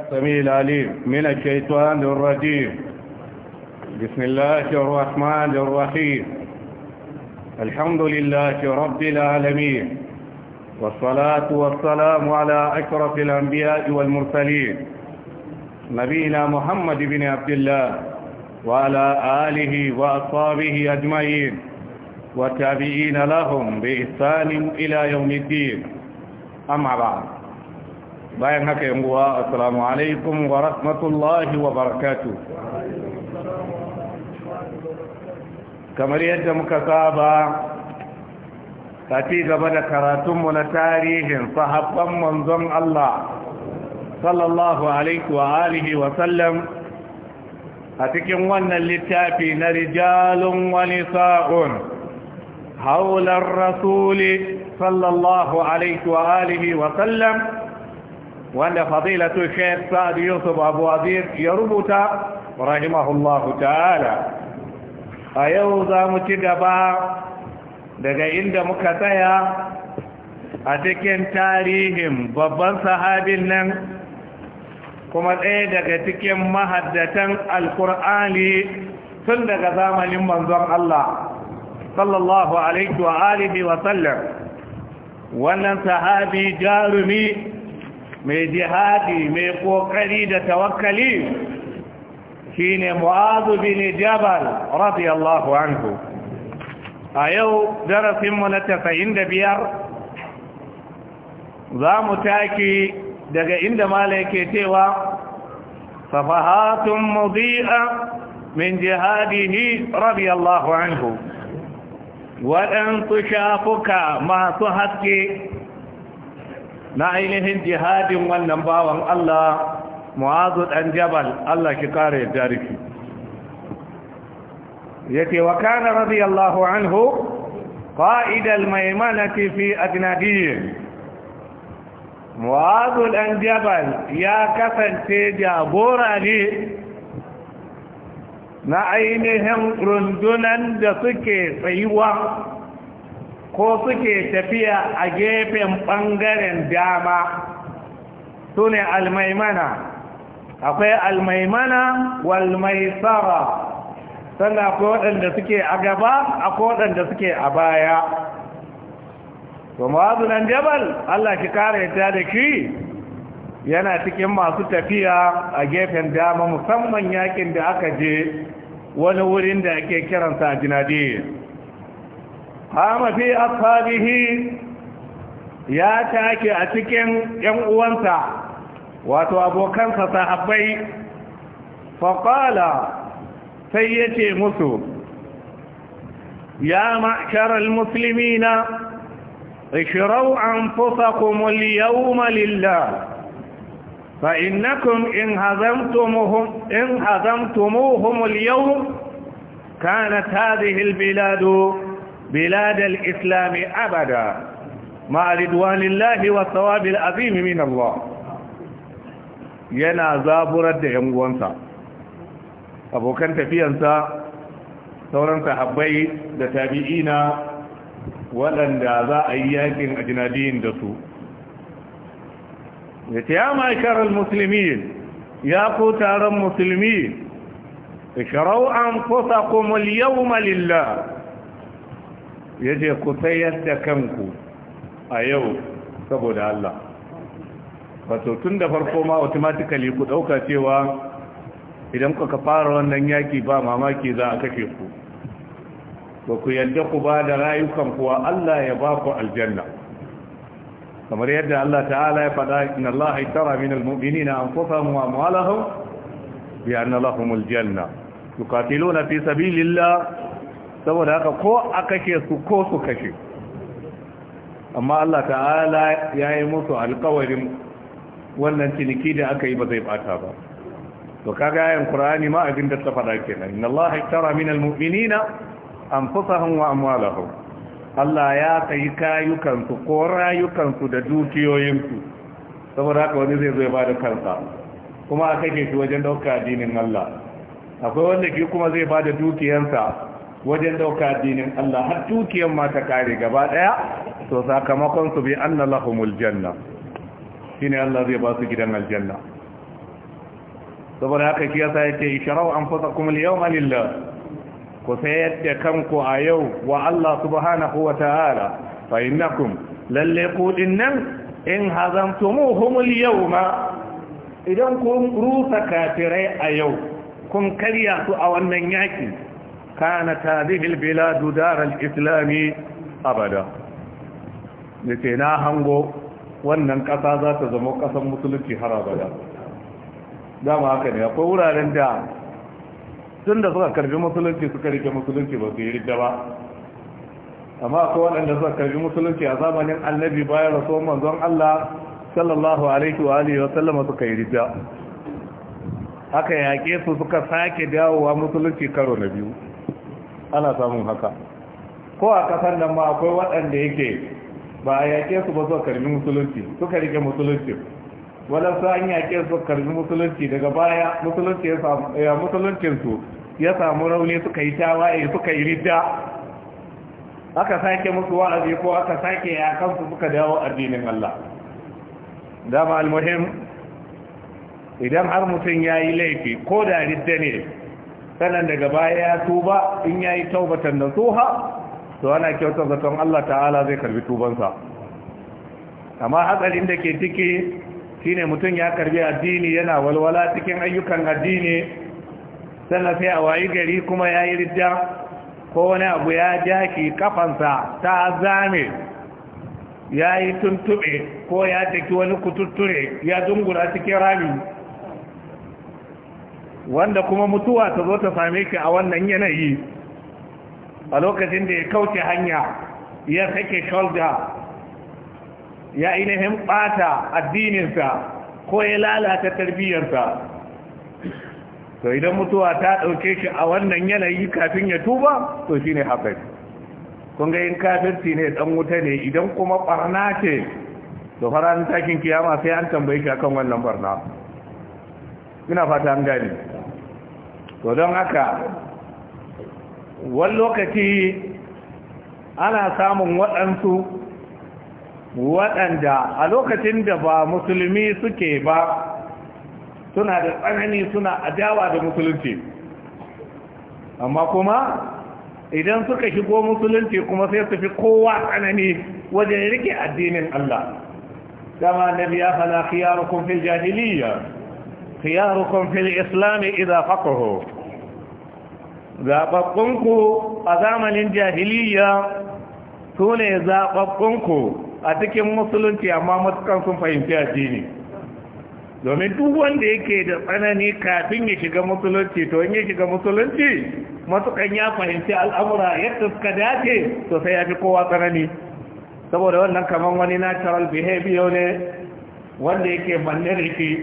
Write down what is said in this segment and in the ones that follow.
السميع العليم من الشيطان الرجيم بسم الله الرحمن الرحيم الحمد لله رب العالمين والصلاة والسلام على أشرف الأنبياء والمرسلين نبينا محمد بن عبد الله وعلى آله وأصحابه أجمعين وتابعين لهم بإحسان إلى يوم الدين أما بعد bayan haka yin guwa assalamu alaikum wa rahmatullahi wa barakatu kamar yadda muka saba tafi gaba da karatunmu na tarihin sahabban manzon Allah sallallahu alaihi wa alihi wa sallam a cikin wannan littafi na rijalun wani sa'un haular rasuli sallallahu alaihi wa alihi wa sallam wanda fadilatu Sheikh Sa'ad Yusuf Abu Azir ya rubuta rahimahullahu ta'ala a yau za mu ci gaba daga inda muka tsaya a cikin tarihin babban sahabin nan kuma ɗaya daga cikin mahaddatan alkur'ani tun daga zamanin manzon Allah sallallahu alaihi wa alihi wa sallam wannan sahabi jarumi mai jihadi mai kokari da tawakkali shine mu'azu bin jabal radiyallahu anhu a yau darasin mu na biyar. za mu taki daga inda mala yake cewa safahatun mudi'a min jihadihi radiyallahu anhu waɗansu shafuka masu haske na ainihin jihadin wannan bawan Allah mu'azu dan jabal Allah ki kare darifi yake wa kana radiyallahu anhu qa'ida al-maymanati a adnadiyya mu'azu dan jabal ya kasance jagora ne na ainihin rundunan da suke tsayuwa ko suke tafiya a gefen ɓangaren dama su ne almaimana akwai almaimana walmaisara sannan akwai waɗanda suke a gaba akwai waɗanda suke a baya to nan jabal Allah ki kare ta da shi yana cikin masu tafiya a gefen dama musamman yakin da aka je wani wurin da ake kiransa jinadiyar قام في أصحابه يا تاكي أتكين يمؤونسا واتو أبو كانسا صاحبي فقال سيتي مسو يا معشر المسلمين اشروا أنفسكم اليوم لله فإنكم إن هزمتموهم, إن هزمتموهم اليوم كانت هذه البلاد بلاد الإسلام أبدا مع رضوان الله والثواب العظيم من الله yana zaburar da ‘yan uwansa abokan tafiyansa sauran sahabbai da tabi'ina waɗanda za a yi yakin a jinadiyin da su da ta yama ikarar musulmi ya ku taron musulmi da sharau an kusa kuma liyau malillah ya je ku sayar da kanku a yau saboda Allah wato tun da farko ma automatically ku ɗauka cewa idan kuka fara wannan yaki ba mamaki za a kashe ku ba ku yadda ku ba da rayukan kuwa Allah ya ba ku aljanna kamar yadda Allah ta'ala ya faɗa inna Allah aitara min almu'minina anfusahum wa amwalahum bi anna lahumul janna yuqatiluna fi sabilillah saboda haka ko a kashe su ko su kashe amma Allah ta'ala ya yi musu alkawarin wannan ciniki da aka yi ba zai bata ba to kaga ayan qur'ani ma abin da ta fada kenan inna allaha ishtara minal mu'minina anfusahum wa amwalahum Allah ya sayi kayukansu ko rayukansu da dukiyoyinsu saboda haka wani zai zo ba da kansa kuma a kake shi wajen dauka addinin Allah akwai wanda shi kuma zai ba da dukiyansa wajen dauka dinin Allah har dukiyar mata kare gaba daya to sakamakon su bi anna lahumul janna shine Allah zai ba su gidan aljanna saboda haka shi yasa yake ishrau anfusakum al-yawma lillah ku sayar da kanku a yau wa Allah subhanahu wa ta'ala fa innakum lalle ku dinnan in hazamtumuhum al-yawma idan kun rusa kafirai a yau kun karya su a wannan yaki kanat hadhihi albilad dar alislami abada nace na hango wannan kasa za ta zama kasan musulunci har abada dama haka ne akwai wuraren da tun suka karbi musulunci suka rike musulunci ba su yi rike ba amma akwai waɗanda suka karbi musulunci a zamanin annabi bayan rasuwan manzon Allah sallallahu alaihi wa sallama suka yi haka yaƙe su suka sake dawowa musulunci karo na biyu ana samun haka ko a kasar nan ma akwai waɗanda yake ba a yake su ba su karbi musulunci suka rike musulunci su an yake su karbi musulunci daga baya musuluncinsu ya samu rauni suka yi tawaye suka yi ridda aka sake musu wa'azi ko aka sake kansu suka dawo addinin Allah dama al-muhim idan har mutum ya yi laifi ko da ridda ne sanan daga baya ya tuba in ya yi taubatan da to ana kyautar zaton Allah ta'ala zai karbi tubansa amma hatsarin da ke ciki shine mutum ya karbi addini yana walwala cikin ayyukan addini sannan sai a wayi gari kuma ya yi ridda ko wani abu ya jaki kafansa ta zame ya yi tuntuɓe ko ya taki wani kututture ya dungura cikin rami wanda kuma mutuwa ta zo ta same shi a wannan yanayi a lokacin da ya kauce hanya ya sake shoulder ya ainihin bata addininsa ko ya lalata tarbiyyarsa to idan mutuwa ta ɗauke shi a wannan yanayi kafin ya tuba to shi ne kun ga yin kafirci ne ɗan wuta ne idan kuma ɓarna ce to faranin takin kiyama sai an tambayi shi akan wannan barna. ina fata an gani to don haka wani lokaci ana samun waɗansu waɗanda a lokacin da ba musulmi suke ba suna da tsanani suna adawa da musulunci amma kuma idan suka shigo musulunci kuma sai su fi kowa tsanani wajen rike addinin Allah kama nabi biya fana khiyarukum fil jahiliya khiyarukum fil islam idan faqahu zaɓaɓɓunku a zamanin jahiliya su ne zaɓaɓɓunku a cikin musulunci amma matukan sun fahimci addini domin duk wanda yake da tsanani kafin ya shiga musulunci to in ya shiga musulunci matukan ya fahimci al'amura yadda suka dace to sai ya fi kowa tsanani saboda wannan kamar wani natural behavior ne wanda yake manne riki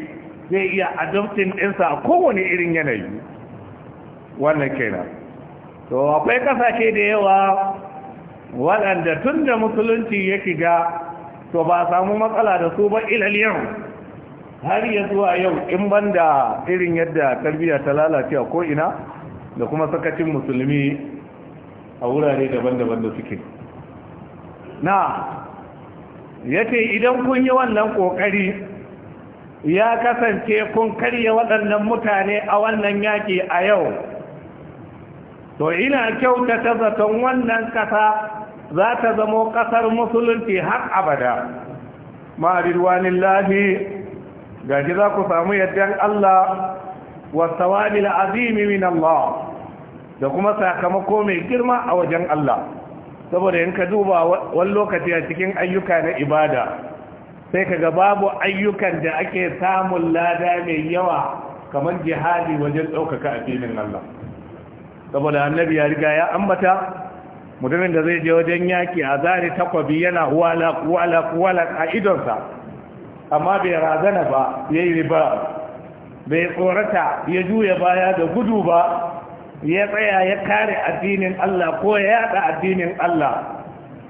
zai iya adopting ɗinsa a kowane irin yanayi wannan kenan to akwai kasashe da yawa waɗanda tun da musulunci ya shiga to ba samu matsala da su ba ilal yau har ya zuwa yau in banda irin yadda tarbiyya ta lalace a ko'ina da kuma sakacin musulmi a wurare daban-daban da suke na ya ce idan kun yi wannan ƙoƙari ya kasance kun karya waɗannan mutane a wannan yaƙi a yau to ina kyautata zaton wannan ƙasa za ta zamo ƙasar musulunci har abada ma'arirwanin lahi ga shi za ku samu yaddan Allah wasawabil azimi min Allah da kuma sakamako mai girma a wajen Allah saboda in ka duba wani lokaci a cikin ayyuka na ibada sai ka ga babu ayyukan da ake samun lada mai yawa kamar jihadi wajen ɗaukaka a filin Allah saboda annabi ya riga ya ambata mutumin da zai je wajen yaki a zari takwabi yana wala wala wala a idonsa amma bai razana ba yayi riba bai tsorata ya juya baya da gudu ba ya tsaya ya kare addinin Allah ko ya yada addinin Allah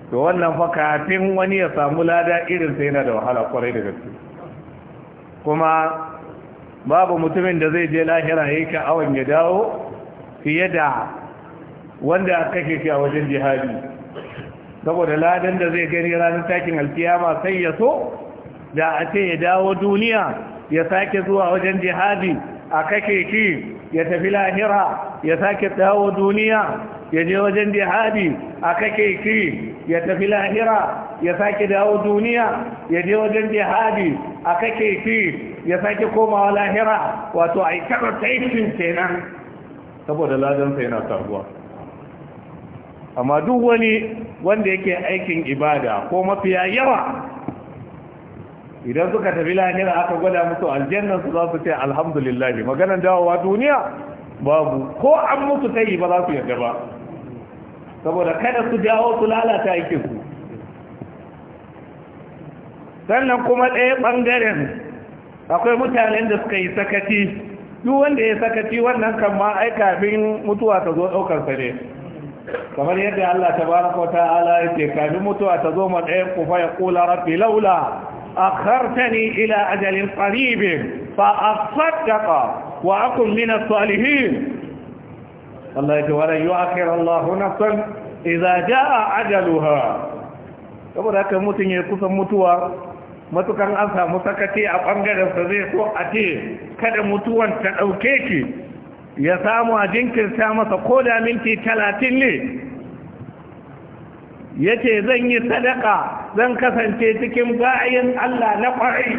to wannan fa kafin wani ya samu lada irin sai yana da wahala kwarai da gaske kuma babu mutumin da zai je lahira yake awan ya dawo fiye da wanda kake a wajen jihadi saboda ladan da zai gani ranar takin alkiyama sai ya so da a ce ya dawo duniya ya sake zuwa wajen jihadi a kake ya tafi lahira ya sake dawo duniya ya je wajen jihadi a kake ya tafi lahira ya sake dawo duniya ya je wajen jihadi a kake ya sake komawa lahira wato a yi taifin kenan saboda ladansa yana karuwa amma duk wani wanda yake aikin ibada ko mafiya yawa idan suka tafi lahira aka gwada musu aljannan su za su ce alhamdulillah maganan dawowa duniya babu ko an musu yi ba za su yarda ba saboda kada su dawo su lalata aikinsu sannan kuma ɗaya ɓangaren akwai mutanen da suka yi sakaci duk wanda ya sakaci wannan kan ma ai kafin mutuwa ta zo daukar sa ne kamar yadda Allah tabaraka wa ta'ala yake kafin mutuwa ta zo ma ɗayan ku fa ya qula rabbi laula akhartani ila ajalin qarib fa asaddaqa wa akun min as-salihin Allah ya wala yu'akhir Allah nafsan idza jaa ajaluha saboda haka mutun ya kusan mutuwa matukan an samu sakaci a ɓangaren sa zai so a ce kada mutuwan ta ɗauke ki ya samu a jinkirta masa ko da minti talatin ne ya ce zan yi sadaka zan kasance cikin bayan Allah na ƙwarai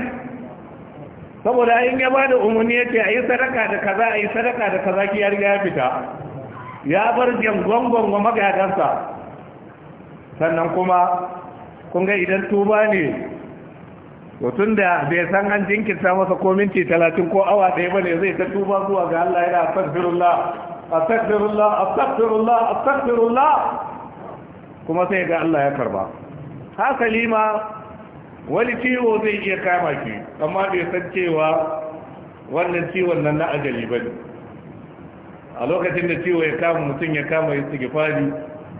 saboda in ya ba da umarni ya ce a yi sadaka da kaza a yi sadaka da kaza ki ya ya fita ya bar jangon gongo magadansa sannan kuma kun ga idan tuba ne mutum da bai san an jinkirta masa ko minti talatin ko awa ɗaya ba ne zai ta tuba zuwa ga Allah yana astaghfirullah astaghfirullah astaghfirullah astaghfirullah kuma sai ga Allah ya karba Ha ma wani ciwo zai iya kama ki amma bai san cewa wannan ciwon nan na ajali ba ne a lokacin da ciwo ya kama mutum ya kama istighfari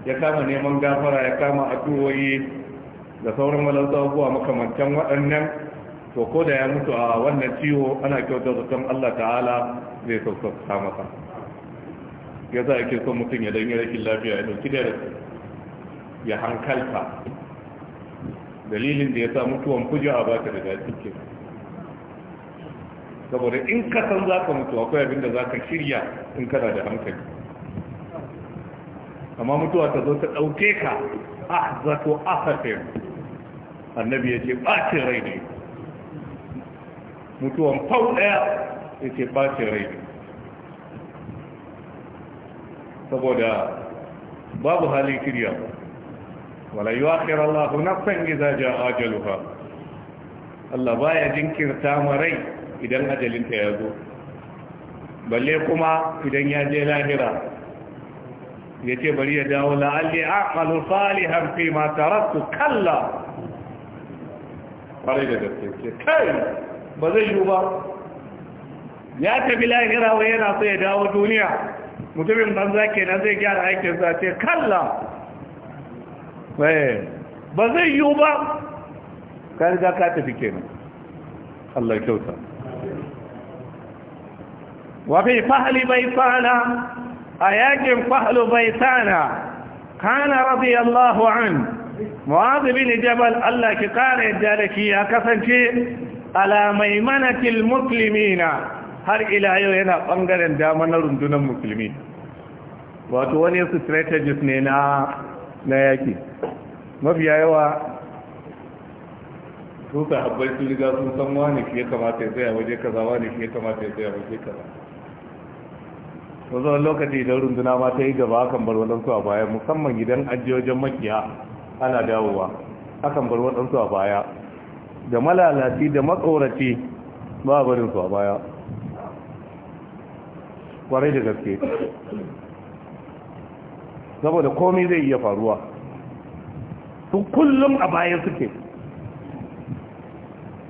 ya kama neman gafara ya kama addu'o'i da sauran walansu zuwa makamantan waɗannan to ko da ya mutu a wannan ciwo ana kyautar zaton Allah ta'ala zai sassauta masa ya za a ke son mutum ya danyi yakin lafiya ya dauki da ya hankalta dalilin da ya sa mutuwan kujo a baka da daji ke saboda in ka san za ka mutu akwai abin da za ka shirya in kana da hankali amma mutuwa ta zo ta ɗauke ka a zato a annabi ya ce ɓacin rai ne mutuwan fau ɗaya ya ce ɓacin rai ne saboda babu halin shirya wala yi waƙir Allah nafsan iza ja ajaluha Allah baya jinkirta marai idan ajalinta ya zo balle kuma idan ya je lahira ya ce bari ya dawo la'alli aqalu salihan fi ma taraktu kalla kwarai da gaske ce kai ba zai yi ba ya tafi lahira wa yana so ya dawo duniya mutumin banza kenan zai gyara aikin sa ce kalla eh, ba zai yi ba ka riga ka tafi kenan Allah kyauta wa fi fahli bai fana a yakin fahlu bai sana kana radiyallahu anhu mu'azu bin jabal Allah ki kara yadda da ki ya kasance ala maimanatil muslimina har ila yau yana bangaren dama na rundunar musulmi wato wani su strategist ne na na yaki mafiya yawa su sahabbai su riga sun san wani fiye kamata ya tsaya waje kaza wani fiye kamata ya tsaya waje kaza wanzu lokaci idan runduna ma ta yi gaba kan bar wadansu a baya musamman gidan ajiyojen makiya ana dawowa akan bar waɗansu a baya da malalaci da matsoraci ba a barinsu a baya ƙwarai da gaske saboda komai zai iya faruwa su kullum a baya suke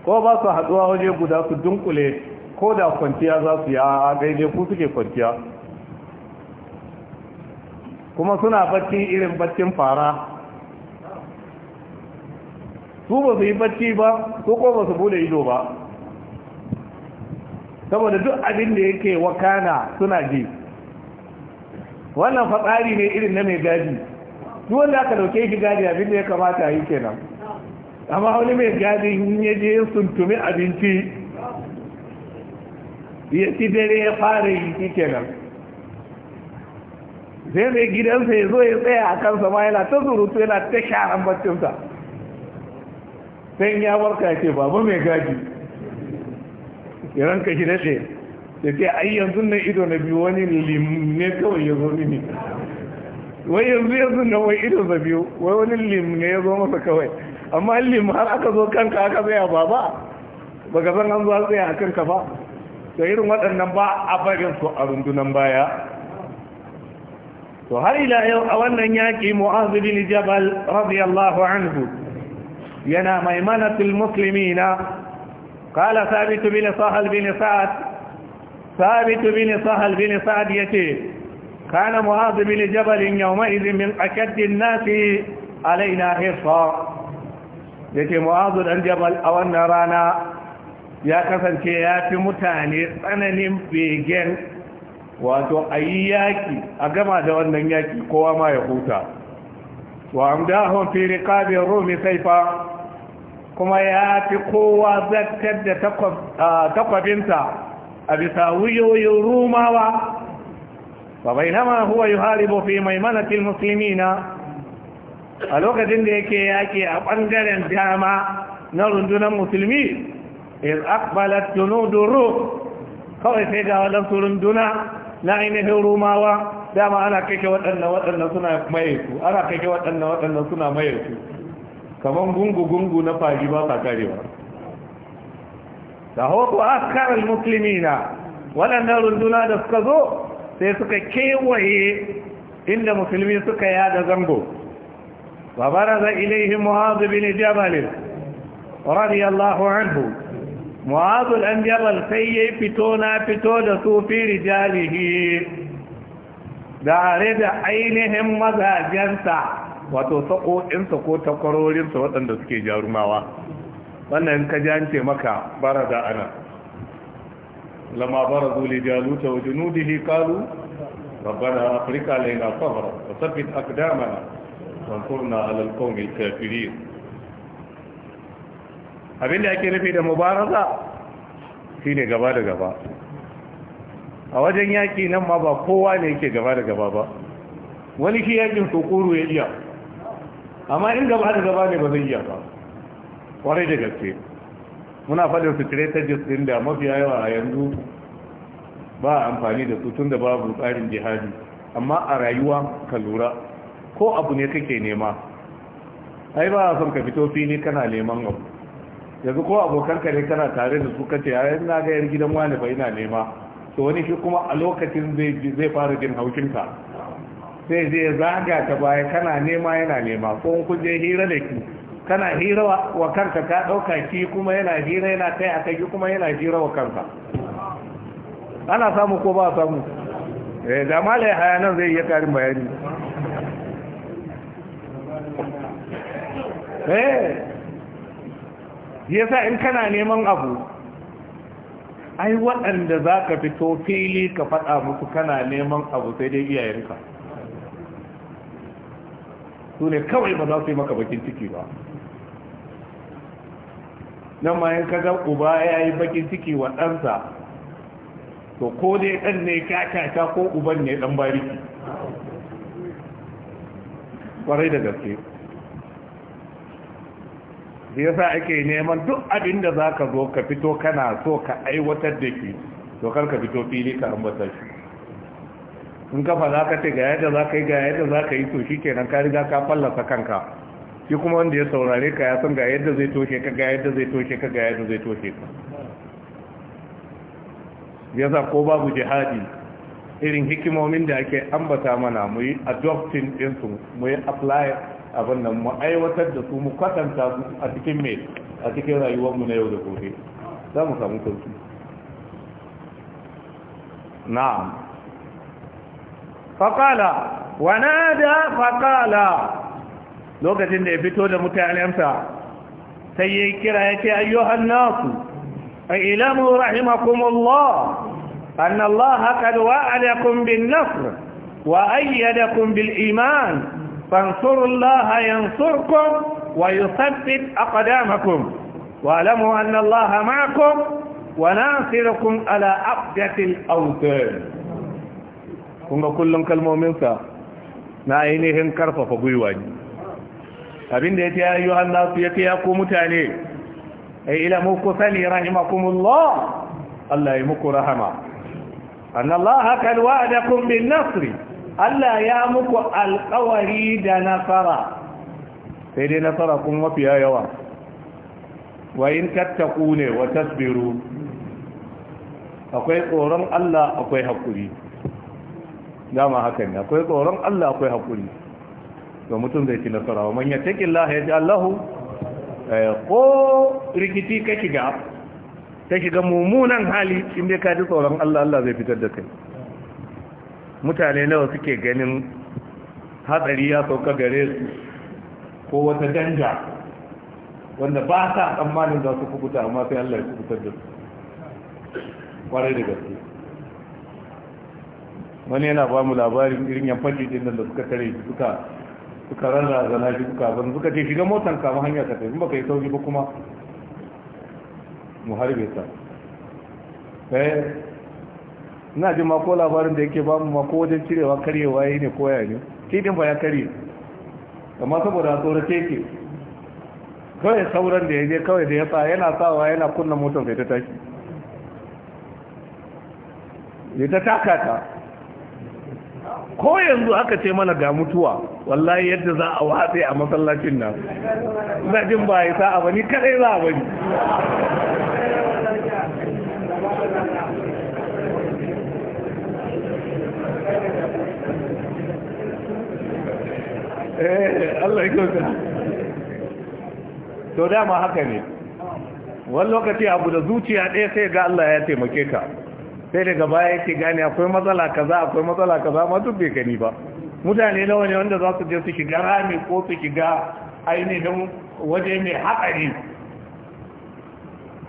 ko ba su haɗuwa waje guda su dunkule ko da kwanciya za su yi a daidai ku suke kwanciya kuma suna bacci irin baccin fara su ba su yi bacci ba ko ko ba su bude ido ba saboda duk abin da yake wakana suna ji wannan fatsari ne irin na mai gadi duk wanda aka dauke shi gadi abin da ya kamata yi kenan amma wani mai gadi ya je suntumi abinci ya ci dare ya fara yi kenan sai mai gidansa ya zo ya tsaya a kansa ma yana ta surutu yana ta sharan baccinsa sai ya warka ce baba mai gaji iran ka shi daɗe da ce ai yanzu na ido na biyu wani limne kawai ya zo mini wai yanzu yanzu na wai ido na biyu wai wani limne ya zo masa kawai amma lim har aka zo kanka aka tsaya baba ba ka san an zuwa tsaya a kanka ba da irin waɗannan ba a barin su a rundunan baya to har ila yau a wannan yaƙi mu'azibin jabal radiyallahu anhu yana maimanatul muslimina qala thabit bin sahal bin sa'ad thabit bin sahal bin sa'ad yace kana muaz bin jabal yawma idhin min akaddi an alaina hirsa yace muaz dan jabal a wannan rana ya kasance ya fi mutane tsananin begen wato ayi yaki a gama da wannan yaki kowa ma ya huta wa amdahum fi riqabi rumi sayfa kuma ya fi kowa zartar da takwabinsa a bisa wuyoyin rumawa ba bai nama huwa yi haribo fi maimanatin musulmi na a lokacin da yake yaƙi a ɓangaren dama na rundunar musulmi is akbalat junuduru kawai sai ga waɗansu runduna na ainihin rumawa dama ana kake waɗannan waɗannan suna maye su ana kake waɗannan waɗannan suna maye su Kaman gungu-gungu na fari ba sa karewa da hoto akarar musulmi na waɗannan runduna da suka zo sai suka kewaye inda musulmi suka yada zango babara za ilaihi muhazu bin jabalin radiyallahu anhu muhazu an jabal sai ya fito na fito da sufi rijalihi da are da ainihin mazajensa wato sa'o'insa ko takwarorinsa waɗanda suke jarumawa wannan ka jance maka bara da ana lama bara zuli jaluta wa junudihi kalu rabbana afirka laina sabra wa sabbit akdamana wansurna ala alqawmi alkafirin abinda ake nufi da mubaraza shine gaba da gaba a wajen yaki nan ma ba kowa ne yake gaba da gaba ba wani shi yakin tsokoro ya iya amma in gaba da gaba ne ba zai iya ba kwarai da gaske muna faɗin secretaries ɗin da mafi yawa a yanzu ba amfani da su tun da babu tsarin jihadi amma a rayuwa ka lura ko abu ne kake nema ai ba son ka fito fili kana neman abu yanzu ko abokanka ne kana tare da su kace ai na ga yar gidan wani ba ina nema to wani shi kuma a lokacin zai zai fara jin haushinka sai zai zaga ta baya kana nema yana nema ko kun je hira da ki kana hira wa kanka ka ɗauka ki kuma yana hira yana kai a kai kuma yana hira wa kanka ana samu ko ba samu eh da malai hayanan zai iya karin bayani eh yasa in kana neman abu ai waɗanda za ka fito fili ka faɗa musu kana neman abu sai dai iyayenka su ne kawai ba za su yi maka bakin ciki ba nan ma yin kaga uba ya yi bakin ciki wa ɗansa to ko dai ɗan ne kakaka ko uban ne ɗan bariki kwarai da gaske da yasa ake neman duk abin da za ka zo ka fito kana so ka aiwatar da shi to kar ka fito fili ka ambata shi in kafa za ka ce ga yadda za ka yi ga yadda za ka yi to shi kenan ka riga ka fallasa kanka shi kuma wanda ya saurare ka ya san ga yadda zai toshe ka ga yadda zai toshe ka ga yadda zai toshe ka yasa ko babu jihadi irin hikimomin da ake ambata mana mu yi adoptin ɗinsu mu yi apply abin nan mu aiwatar da su mu kwatanta su a cikin mai a cikin rayuwarmu na yau da gobe za mu samu sauki na'am faƙala wana da faƙala lokacin da ya fito da mutanensa sai ya kira ya ce ayyuhan nasu a ilamu rahimakumullah أن الله قد وعدكم بالنصر وأيدكم بالإيمان فانصروا الله ينصركم ويثبت أقدامكم واعلموا أن الله معكم وناصركم على أقدة الأوتان kunga ga kullum kalmominsa na ainihin karfafa gwiwa ne abinda ya ce ya yi nasu ya ce ya ku mutane a yi ilamu ku sani rahimakumullah Allah ya muku rahama annallaha kan wa'adakum bin nasri Allah ya muku alƙawari da nasara sai dai nasara kun mafiya yawa wa in tattaku ne wa tasbiru akwai tsoron Allah akwai hakuri dama haka ne akwai tsoron Allah akwai hakuri to mutum zai ci nasara wa Allah ya ji Allah eh, ko rikiti ka shiga ta shiga mummunan hali in dai ka ji tsoron Allah Allah zai fitar da kai mutane nawa suke ganin hatsari ya sauka gare su ko wata danja wanda ba sa tsammanin za su kubuta amma sai Allah ya kubutar da su kwarai da gaske wani yana ba mu labarin irin yan fashi din da suka tare suka suka da na shi suka ban suka ce shiga motan kama hanya ka tafi baka yi sauki ba kuma mu harbe ta sai eh, ina ji ma ko labarin da yake ba mu ma ko wajen cirewa karyewa yi ne koya ne din ba ya karye amma saboda tsorace ke kawai sauran da ya je kawai da ya sa yana sawa yana kunna motar sai ta tashi ya ta taka ta ko yanzu aka ce mana ga mutuwa wallahi yadda za a watsa a masallacin nan Zajin ba ya sa'a ba ni kadai za a bari eh Allah ya kyauta to dama haka ne wani lokaci abu da zuciya ɗaya sai ga Allah ya taimake ka sai daga baya yake gane akwai matsala kaza akwai matsala kaza ma duk bai gani ba mutane nawa ne wanda za su je su shiga rami ko su shiga ainihin waje mai hatsari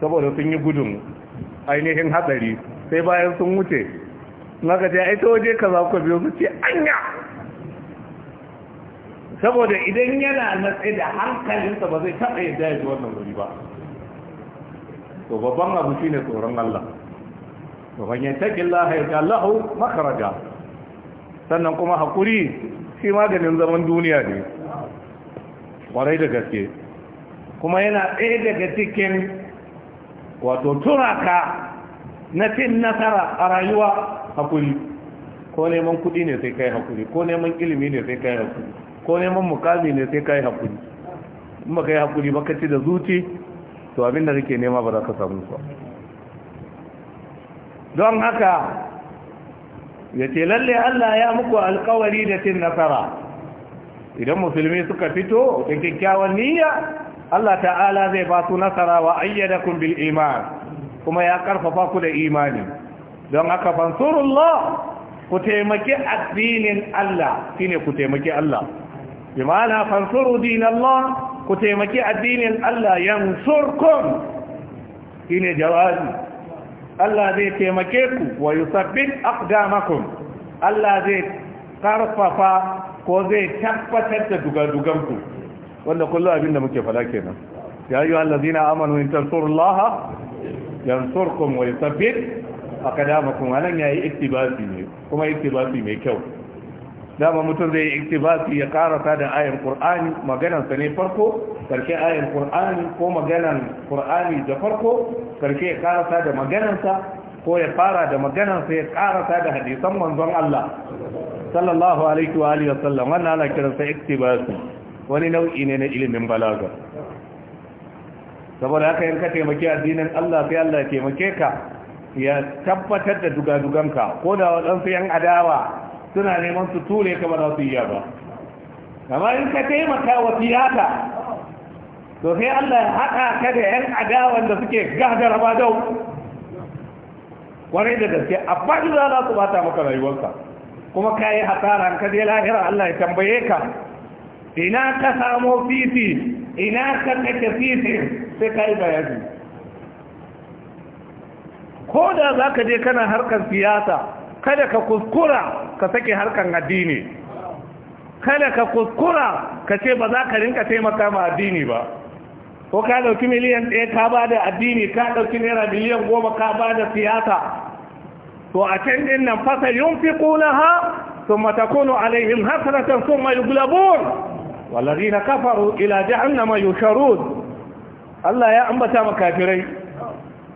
saboda sun yi gudun ainihin hatsari sai bayan sun wuce na ce ai ta waje kaza ku biyo su ce anya saboda idan yana natsi da hankalinsa ba zai taɓa yadda ya ji wannan wuri ba to babban abu shine tsoron Allah to ban yattaki Allah ya jallahu makaraja sannan kuma hakuri shi maganin zaman duniya ne kwarai da gaske kuma yana ɗaya daga cikin wato turaka na cin nasara a rayuwa hakuri ko neman kuɗi ne sai kai hakuri ko neman ilimi ne sai kai hakuri ko neman mukami ne sai kai hakuri in ba kai hakuri ba ka ci da zuci to abin da kake nema ba za ka samu ba don haka ya ce lalle Allah ya muku alkawari da cin nasara idan musulmi suka fito da kyakkyawan niyya Allah ta'ala zai ba su nasara wa ayyadakum bil iman kuma ya karfafa ku da imani don haka fansurullah ku taimaki addinin Allah shine ku taimaki Allah bi ma'ana fansuru dinallah ku taimaki addinin Allah yansurkum shine jawabi Allah zai taimake ku wa yusabbit aqdamakum Allah zai karfafa ko zai tabbatar da dugaduganku wanda kullum abin da muke fada kenan ya yi allazina amanu in tansurullaha yansurkum wa yusabbit aqdamakum anan yayi ittibasi ne kuma ittibasi mai kyau dama mutum zai iktibasi ya karasa da ayar qur'ani Maganansa ne farko karshe ayar qur'ani ko maganan qur'ani da farko karshe ya karasa da maganansa ko ya fara da maganansa ya karasa da hadisan manzon Allah sallallahu alaihi wa alihi wasallam wannan ana kiransa iktibasi wani nau'i ne na ilimin balaga saboda haka yanka taimake addinin Allah sai Allah ya taimake ka ya tabbatar da dugaduganka ko da waɗansu 'yan adawa suna neman su ture kama ba wasu su iya ba in ka taimaka wa siyasa to sai Allah ya haɗa ka da yan adawan da suke gagara ba dau kwarai da gaske a faɗi za su bata maka rayuwarsa. kuma ka yi hasara ka je lahira Allah ya tambaye ka ina ka samo fifi ina ka kake fifi sai ka yi bayani ko da za ka je kana harkar siyasa kada ka kuskura ka sake harkan addini kada ka kuskura ka ce ba za ka rinka taimaka ma addini ba ko ka dauki miliyan ɗaya ka ba da addini ka dauki naira miliyan goma ka ba da siyasa to a can ɗin nan fasa yun fi ƙunaha ثم تكون عليهم حسرة ثم يغلبون kafaru ila إلى جهنم Yusharud. Allah ya ambata makafirai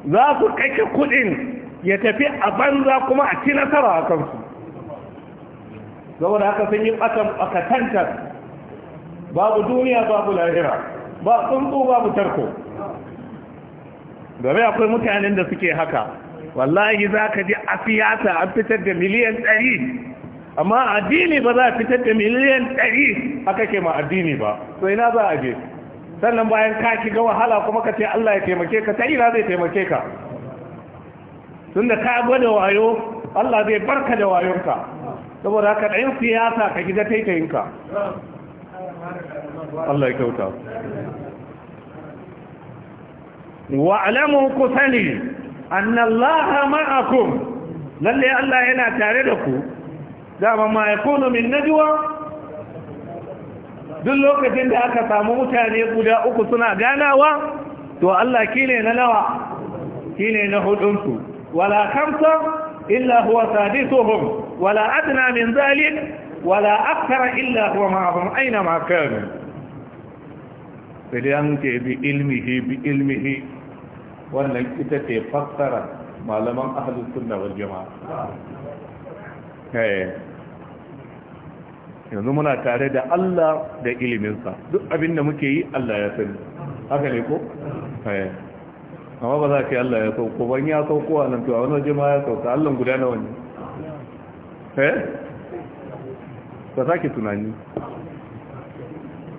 za su kake kudin ya tafi a banza kuma a ci nasara a kansu saboda haka sun yi ɓakatantar babu duniya babu lahira ba tsuntsu babu tarko game akwai mutanen da suke haka wallahi za ka ji a siyasa an fitar da miliyan ɗari amma addini ba za a fitar da miliyan ɗari haka ke ma addini ba so ina za a je sannan bayan ka ga wahala kuma ka ce Allah ya taimake ka ta ina zai taimake ka tunda ka gwada wayo Allah zai barka da wayonka saboda haka ɗayan siyasa ka gida taitayinka Allah ya kyauta wa'alamu ku sani annallaha ma'akum lalle Allah yana tare da ku dama ma yakunu min najwa duk lokacin da aka samu mutane guda uku suna ganawa to Allah kine na nawa kine na hudunsu ولا خمسة إلا هو سادسهم ولا أدنى من ذلك ولا أكثر إلا هو معهم أينما كانوا فليانك بإلمه بإلمه wannan ita ce fassara malaman ahalin sunna wal eh. yanzu muna tare da Allah da iliminsa duk abinda muke yi Allah ya sani haka ne ko? Eh. amma ba za ka yi Allah ya sauko ban ya sauko a nan to a wani waje ma ya sauka Allah guda nawa ne eh ka ki tunani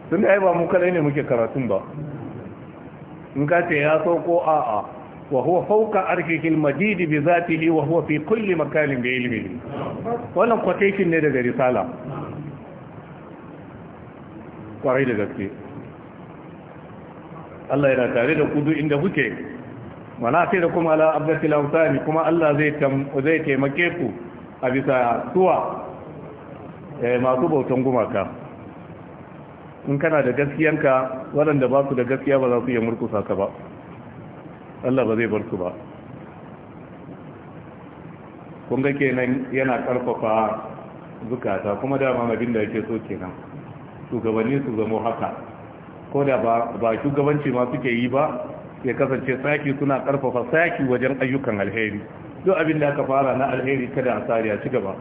tun da ai ba mu kadai ne muke karatun ba in ka ce ya sauko a'a wa huwa fawqa arshihil majid bi zatihi wa huwa fi kulli makanin bi ilmihi wannan quotation ne daga risala kwarai da gaske Allah yana tare da kudu inda kuke wana sai da kuma ala abdati lautani kuma Allah zai taimake ku a bisa suwa eh, masu bautan gumaka in kana da gaskiyanka waɗanda ba su da gaskiya ba za su iya murkusa ka ba Allah ba zai bar su ba kun ga kenan yana ƙarfafa zukata kuma dama mabin da yake so kenan shugabanni su zamo haka ko da ba shugabanci ma suke yi ba ya kasance saki suna karfafa saki wajen ayyukan alheri duk abin da aka fara na alheri kada a tsari a ci gaba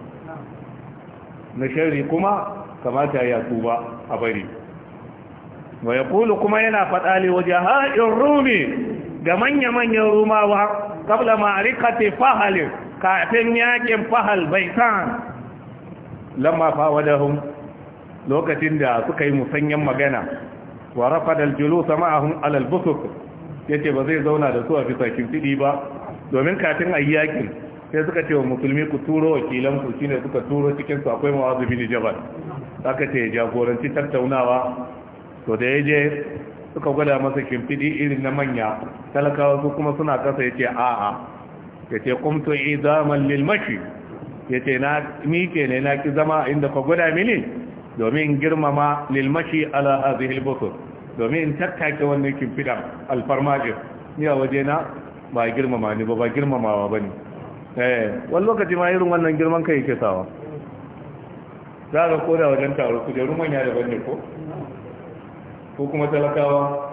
na shari kuma kamata ya tuba a bari wa ya kulu kuma yana faɗa ne waje ha'in rumi ga manya-manyan rumawa kabla ma'arikati fahalin kafin yakin fahal bai baitan lamma fawadahum lokacin da suka yi musanyen magana wa rafadal julusa ma'ahum alal busuk ce ba zai zauna da su a sakin kimtidi ba domin kafin a yi yakin sai suka ce wa musulmi ku turo wakilan ku shine suka turo cikin su akwai mawazu bin jabal aka ce jagoranci tattaunawa to da ya je suka gwada masa kimfidi irin na manya talakawa su kuma suna kasa ce a'a ce yace qumtu zaman lil ya ce na mike ne na ki zama inda ka gwada mini domin girmama lilmashi ala hazihil domin tattake wannan kimfidan alfarmajin ni a waje na ba girmama ne ba ba girmamawa ba ne eh, wani lokaci ma irin wannan girman kai ke sawa za ka koda wajen taro kujeru manya da banne ko ko kuma talakawa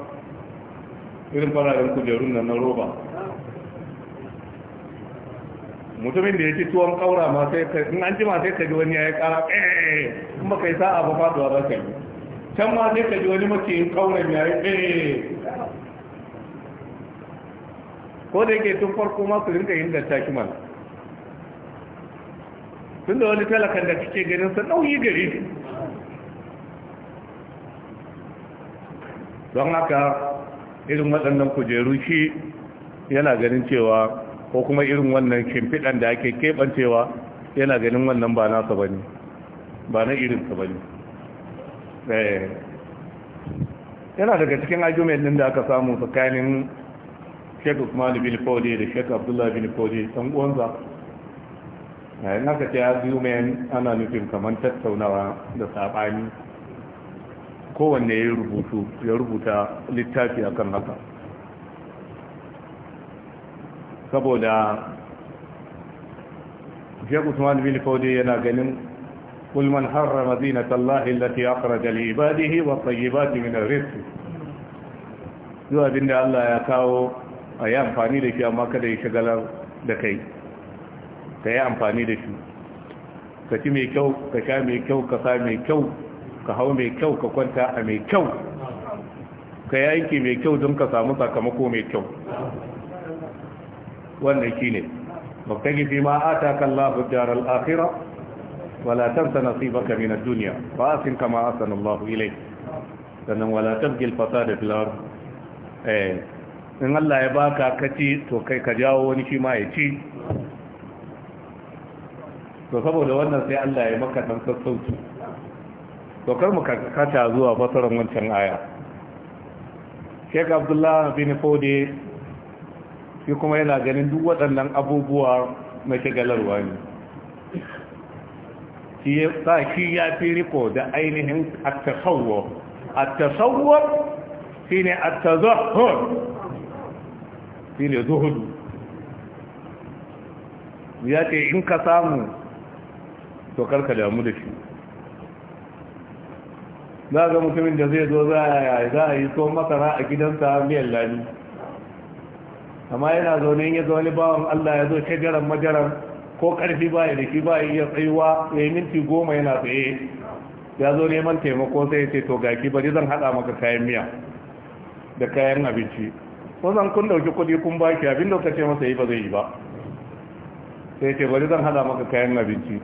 irin fararen kujerun nan na roba mutumin da ya ci tuwon kaura ma sai in an ji ma sai ka ji wani ya yi kara eh in kai sa'a ba faduwa ba kai yi can ma sai ka ji wani yin kauran ya yi ɗaya eh. ko da yake tun farko ma su rinka inganta shi mana tun da wani talakan da kake ganin sa nauyi gari don haka irin waɗannan kujeru shi yana ganin cewa ko kuma irin wannan shimfiɗan da ake keɓancewa yana ganin wannan ba nasa ba ba na irin ba ne Eh. yana daga cikin argument din da aka samu tsakanin Sheikh Usman bin Fodi da Sheikh Abdullah bin Fodi ɗan uwansa na eh, yin haka ce argument ana nufin kamar tattaunawa da saɓani kowanne ya rubutu ya rubuta littafi akan haka saboda Sheikh Usman bin Fodi yana ganin قل من حرم زينة الله التي أخرج لعباده والطيبات من الرزق zuwa abin da Allah ya kawo a yi amfani da shi amma kada ya shagalar da kai ka yi amfani da shi ka ci mai kyau ka sha mai kyau ka sa mai kyau ka hau mai kyau ka kwanta a mai kyau ka yi aiki mai kyau don ka samu sakamako mai kyau wannan shi ne ba ta gifi ma a takan lafi jarar akira ولا تنس نصيبك من الدنيا فأحسن كما أحسن الله إليك sannan walatar tabgil da fil in Allah ya baka kaci to kai ka jawo wani shi ma ya ci to saboda wannan sai Allah ya maka dan sassauci to kar mu kata zuwa fasaran wancan aya Sheikh Abdullahi bin Fode shi kuma yana ganin duk waɗannan abubuwa mai shagalarwa ne shi ya sa shi ya fi riko da ainihin at-tasawwur shi ne shine shi ne shine zuhudu ya ce in ka samu to karka damu da shi za ga mutumin da zai zo za a yi so masara a gidansa miyan lani amma yana zaune ya zo wani bawan Allah ya zo shagaran majaran ko karfi ba ya ki ba iya tsayuwa ya yi minti goma yana tsaye ya zo neman taimako sai ya ce to gaki ki bari zan haɗa maka kayan miya da kayan abinci ko zan kun dauki kuɗi kun ba ki abin da ce masa yi ba zai yi ba sai ce bari zan haɗa maka kayan abinci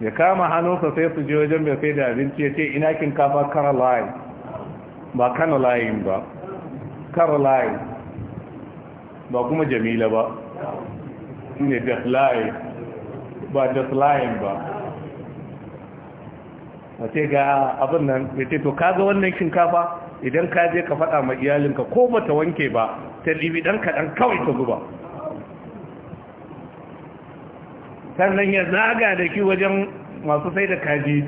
ya kama hannunsa sai su je wajen mai sai da abinci ya ce ina kin kafa caroline ba caroline ba caroline ba kuma jamila ba ne da line ba da lying ba a ce ga abin nan ya ce to kaga wannan shinkafa idan ka je ka faɗa ma iyalinka ko ba ta wanke ba ta ɗibi ɗan kaɗan kawai ta zuba sannan ya zaga da shi wajen masu sai da kaji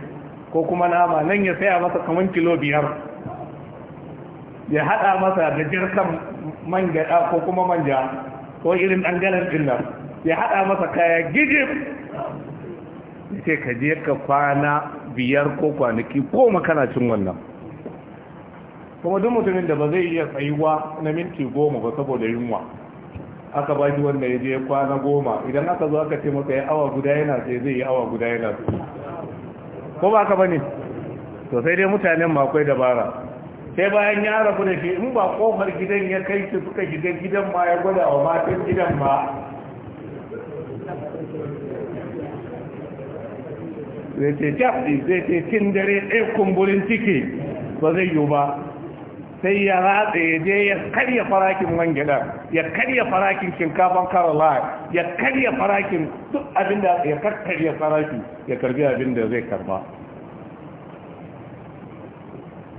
ko kuma nama nan ya saya masa kamar kilo biyar ya haɗa masa da jirkan manja ko kuma manja ko irin ɗangaren ɗin ya haɗa masa kaya gijib ce ka je ka kwana biyar ko kwanaki ko makanacin wannan kuma duk mutumin da ba zai iya tsayuwa na minti goma ba saboda yunwa aka ba shi wanda ya je kwana goma idan aka zo aka ce maka ya awa guda yana tsaye zai yi awa guda yana su ko ba aka bane to sai dai mutanen makwai dabara sai bayan ya rabu da shi in ba kofar gidan ya kai su suka gidan gidan ma ya gwada wa matan gidan ba zai ce jafi zai ce cin dare ɗaya kumburin ciki ba zai yi ba sai ya ratsa ya je ya karya farakin wangila ya karya farakin shinkafan karola ya karya farakin duk abin da ya karkarya faraki ya karbi abin da zai karba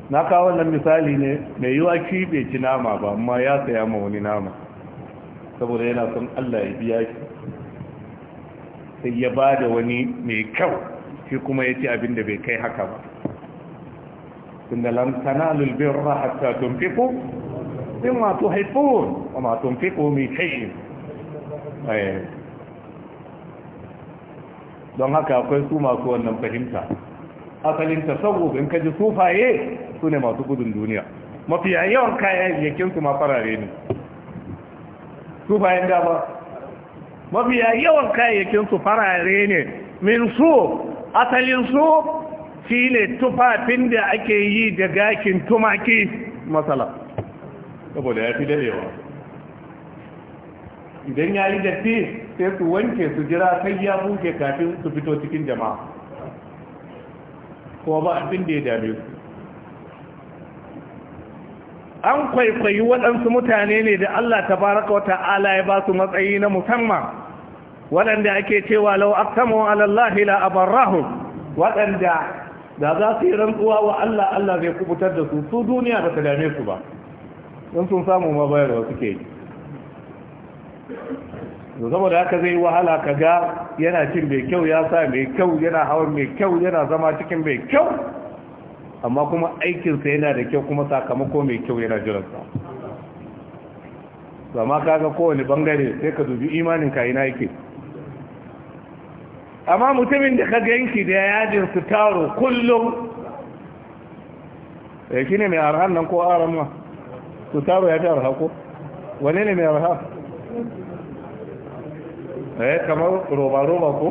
na kawo wannan misali ne mai yiwa shi bai ci nama ba amma ya saya ma wani nama saboda yana son Allah ya biya shi sai ya ba da wani mai kyau shi kuma ya ci abin da bai kai haka ba tunda lam tanalul birra hatta tunfiqu mimma tuhibbun wa ma tunfiqu min shay'in eh. don haka akwai su masu wannan fahimta asalin tasawuf in kaji sufaye su ne masu gudun duniya mafiya yawan kayayyakin su ma farare ne sufayen dama mafiya yawan kayayyakin su farare ne min su asalin su shi ne tufafin da ake yi da gakin tumaki matsala saboda ya fi dalewa idan ya yi datti sai su wanke su jira kai ya buke kafin su fito cikin jama'a Kuma ba abin da ya dame su an kwaikwayi waɗansu mutane ne da Allah ta baraka wata ala ya ba su matsayi na musamman waɗanda ake cewa lau aqtamu ala Allah la abarrahu waɗanda da za su yi rantsuwa wa Allah Allah zai kubutar da su su duniya ba ta dame su ba in sun samu ma bayar da suke yi to saboda haka zai wahala kaga yana cin mai kyau ya sa mai kyau yana hawan mai kyau yana zama cikin mai kyau amma kuma aikinsa yana da kyau kuma sakamako mai kyau yana jiransa zama kaga kowane bangare sai ka dubi imanin ka yana yake amma mutumin da ka ganki da ya yajin su taro kullum ya eh, shi ne mai arhan nan ko aran ma su taro ya fi arha ko wane ne mai arha ya eh, kamar roba-roba ko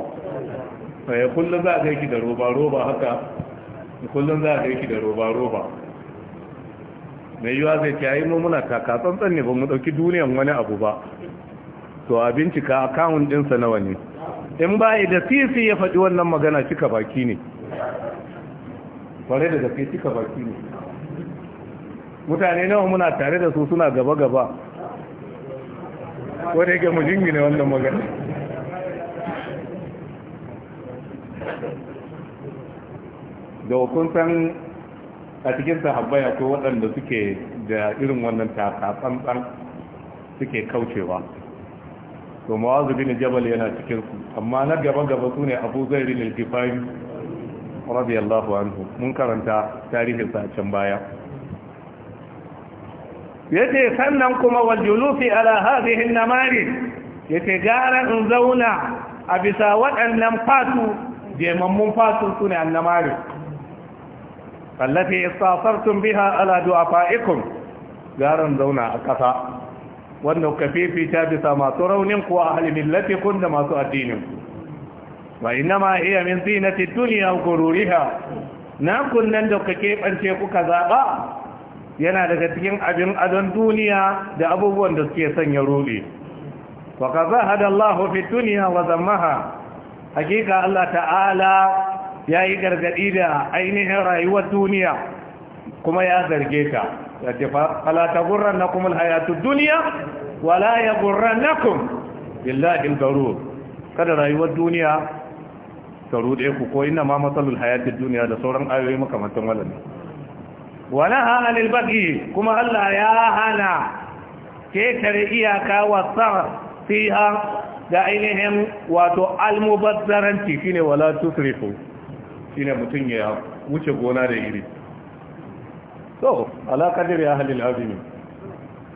ya eh, kullum za a ganki da roba-roba haka kullum za a ganki da roba-roba mai yiwa zai ce yayi mummuna muna Ka tsantsan ne ba mu dauki duniyan wani abu ba to a bincika akawun ɗinsa nawa ne in baya da fifi ya faɗi wannan magana cika baki ne kware da gaske cika baki ne mutane nawa muna tare da su suna gaba-gaba wadda yake mu jingine wannan magana da kun san a cikin sahabbai ko waɗanda suke da irin wannan takatsantsan suke kaucewa to mu'azu bin jabal yana cikin su amma na gaba gaba sune abu zairi al-gifari radiyallahu anhu mun karanta tarihin sa can baya yace sannan kuma wal julusi ala hadhihi an-namari yace gara in zauna a bisa waɗannan fatu jemammun fatu sune annamari allati istasartum biha ala du'afaikum garan zauna a kasa wanda kuka fifita bisa masu raunin kuwa a halibin latikun da masu addinin wa ina ma iya min zinati duniya gururiha na kunnan da ka keɓance kuka zaɓa yana daga cikin abin adon duniya da abubuwan da suke sanya ruɗe wa ka haɗa Allahu fi duniya wa zammaha hakika Allah ta'ala ya yi gargaɗi da ainihin rayuwar duniya kuma ya zarge ka فلا تغرنكم الحياة الدنيا ولا يغرنكم بالله الغرور kada rayuwar duniya ta rude ku ko ina ma matsalul hayatid duniya da sauran ayoyi makamantan walanne wala halil baqi kuma Allah ya hana ketare iyaka wa sar fiha da ainihin wato almubazzaranci shine wala tusrifu shine mutun ya wuce gona da iri so ala qadri ahli al-azim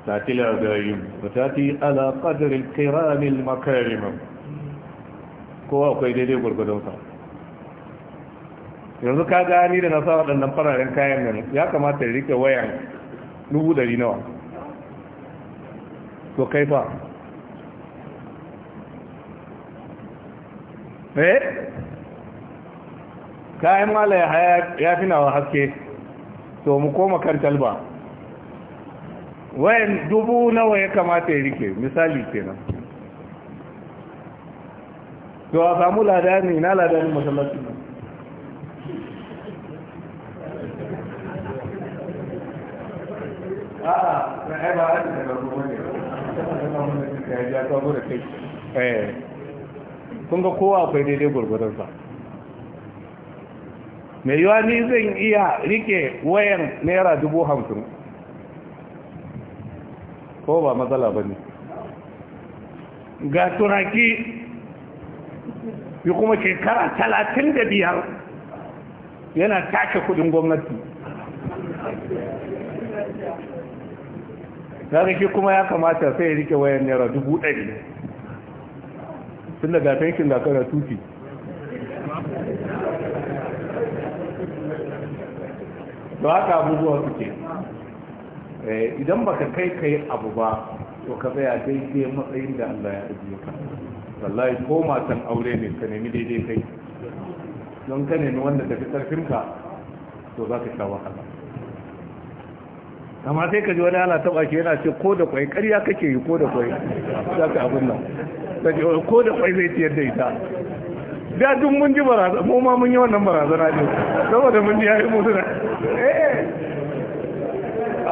تأتي العزائم وتأتي على قدر الكرام المكارم kowa akwai daidai gwargwadonsa yanzu ka gani da na sa waɗannan fararen kayan nan ya kamata ya rike wayan dubu dari nawa to kai fa eh kayan mala ya fi nawa haske to mu koma kan talba wayan dubu nawa ya kamata ya rike misali kenan to a samu ladani na ladani masallaci a'a na ba a cikin rabu ne eh. kun ga kowa akwai daidai gurgudansa mai yiwa ni zan iya rike wayan naira dubu hamsin ko ba matsala ba ne ga turaki yi kuma shekara talatin da biyar yana take kudin gwamnati Ya kuma ya kamata sai rike wayan naira dubu ɗari tun da shi da kara tuki to haka buguwa suke eh, idan baka kai kai abu ba to ka tsaya daidai matsayin da Allah ya ajiye ka wallahi ko matan aure ne ka nemi daidai kai don ka nemi wanda tafi karfinka to za ka sha wahala amma sai ka ji wani ana taba ke yana ce ko da kwai karya kake yi ko da kwai za ka abin nan ko da kwai zai ciyar da ita da duk mun ji barazana mu ma mun yi wannan barazana ne saboda mun ji yayi mutuna eh.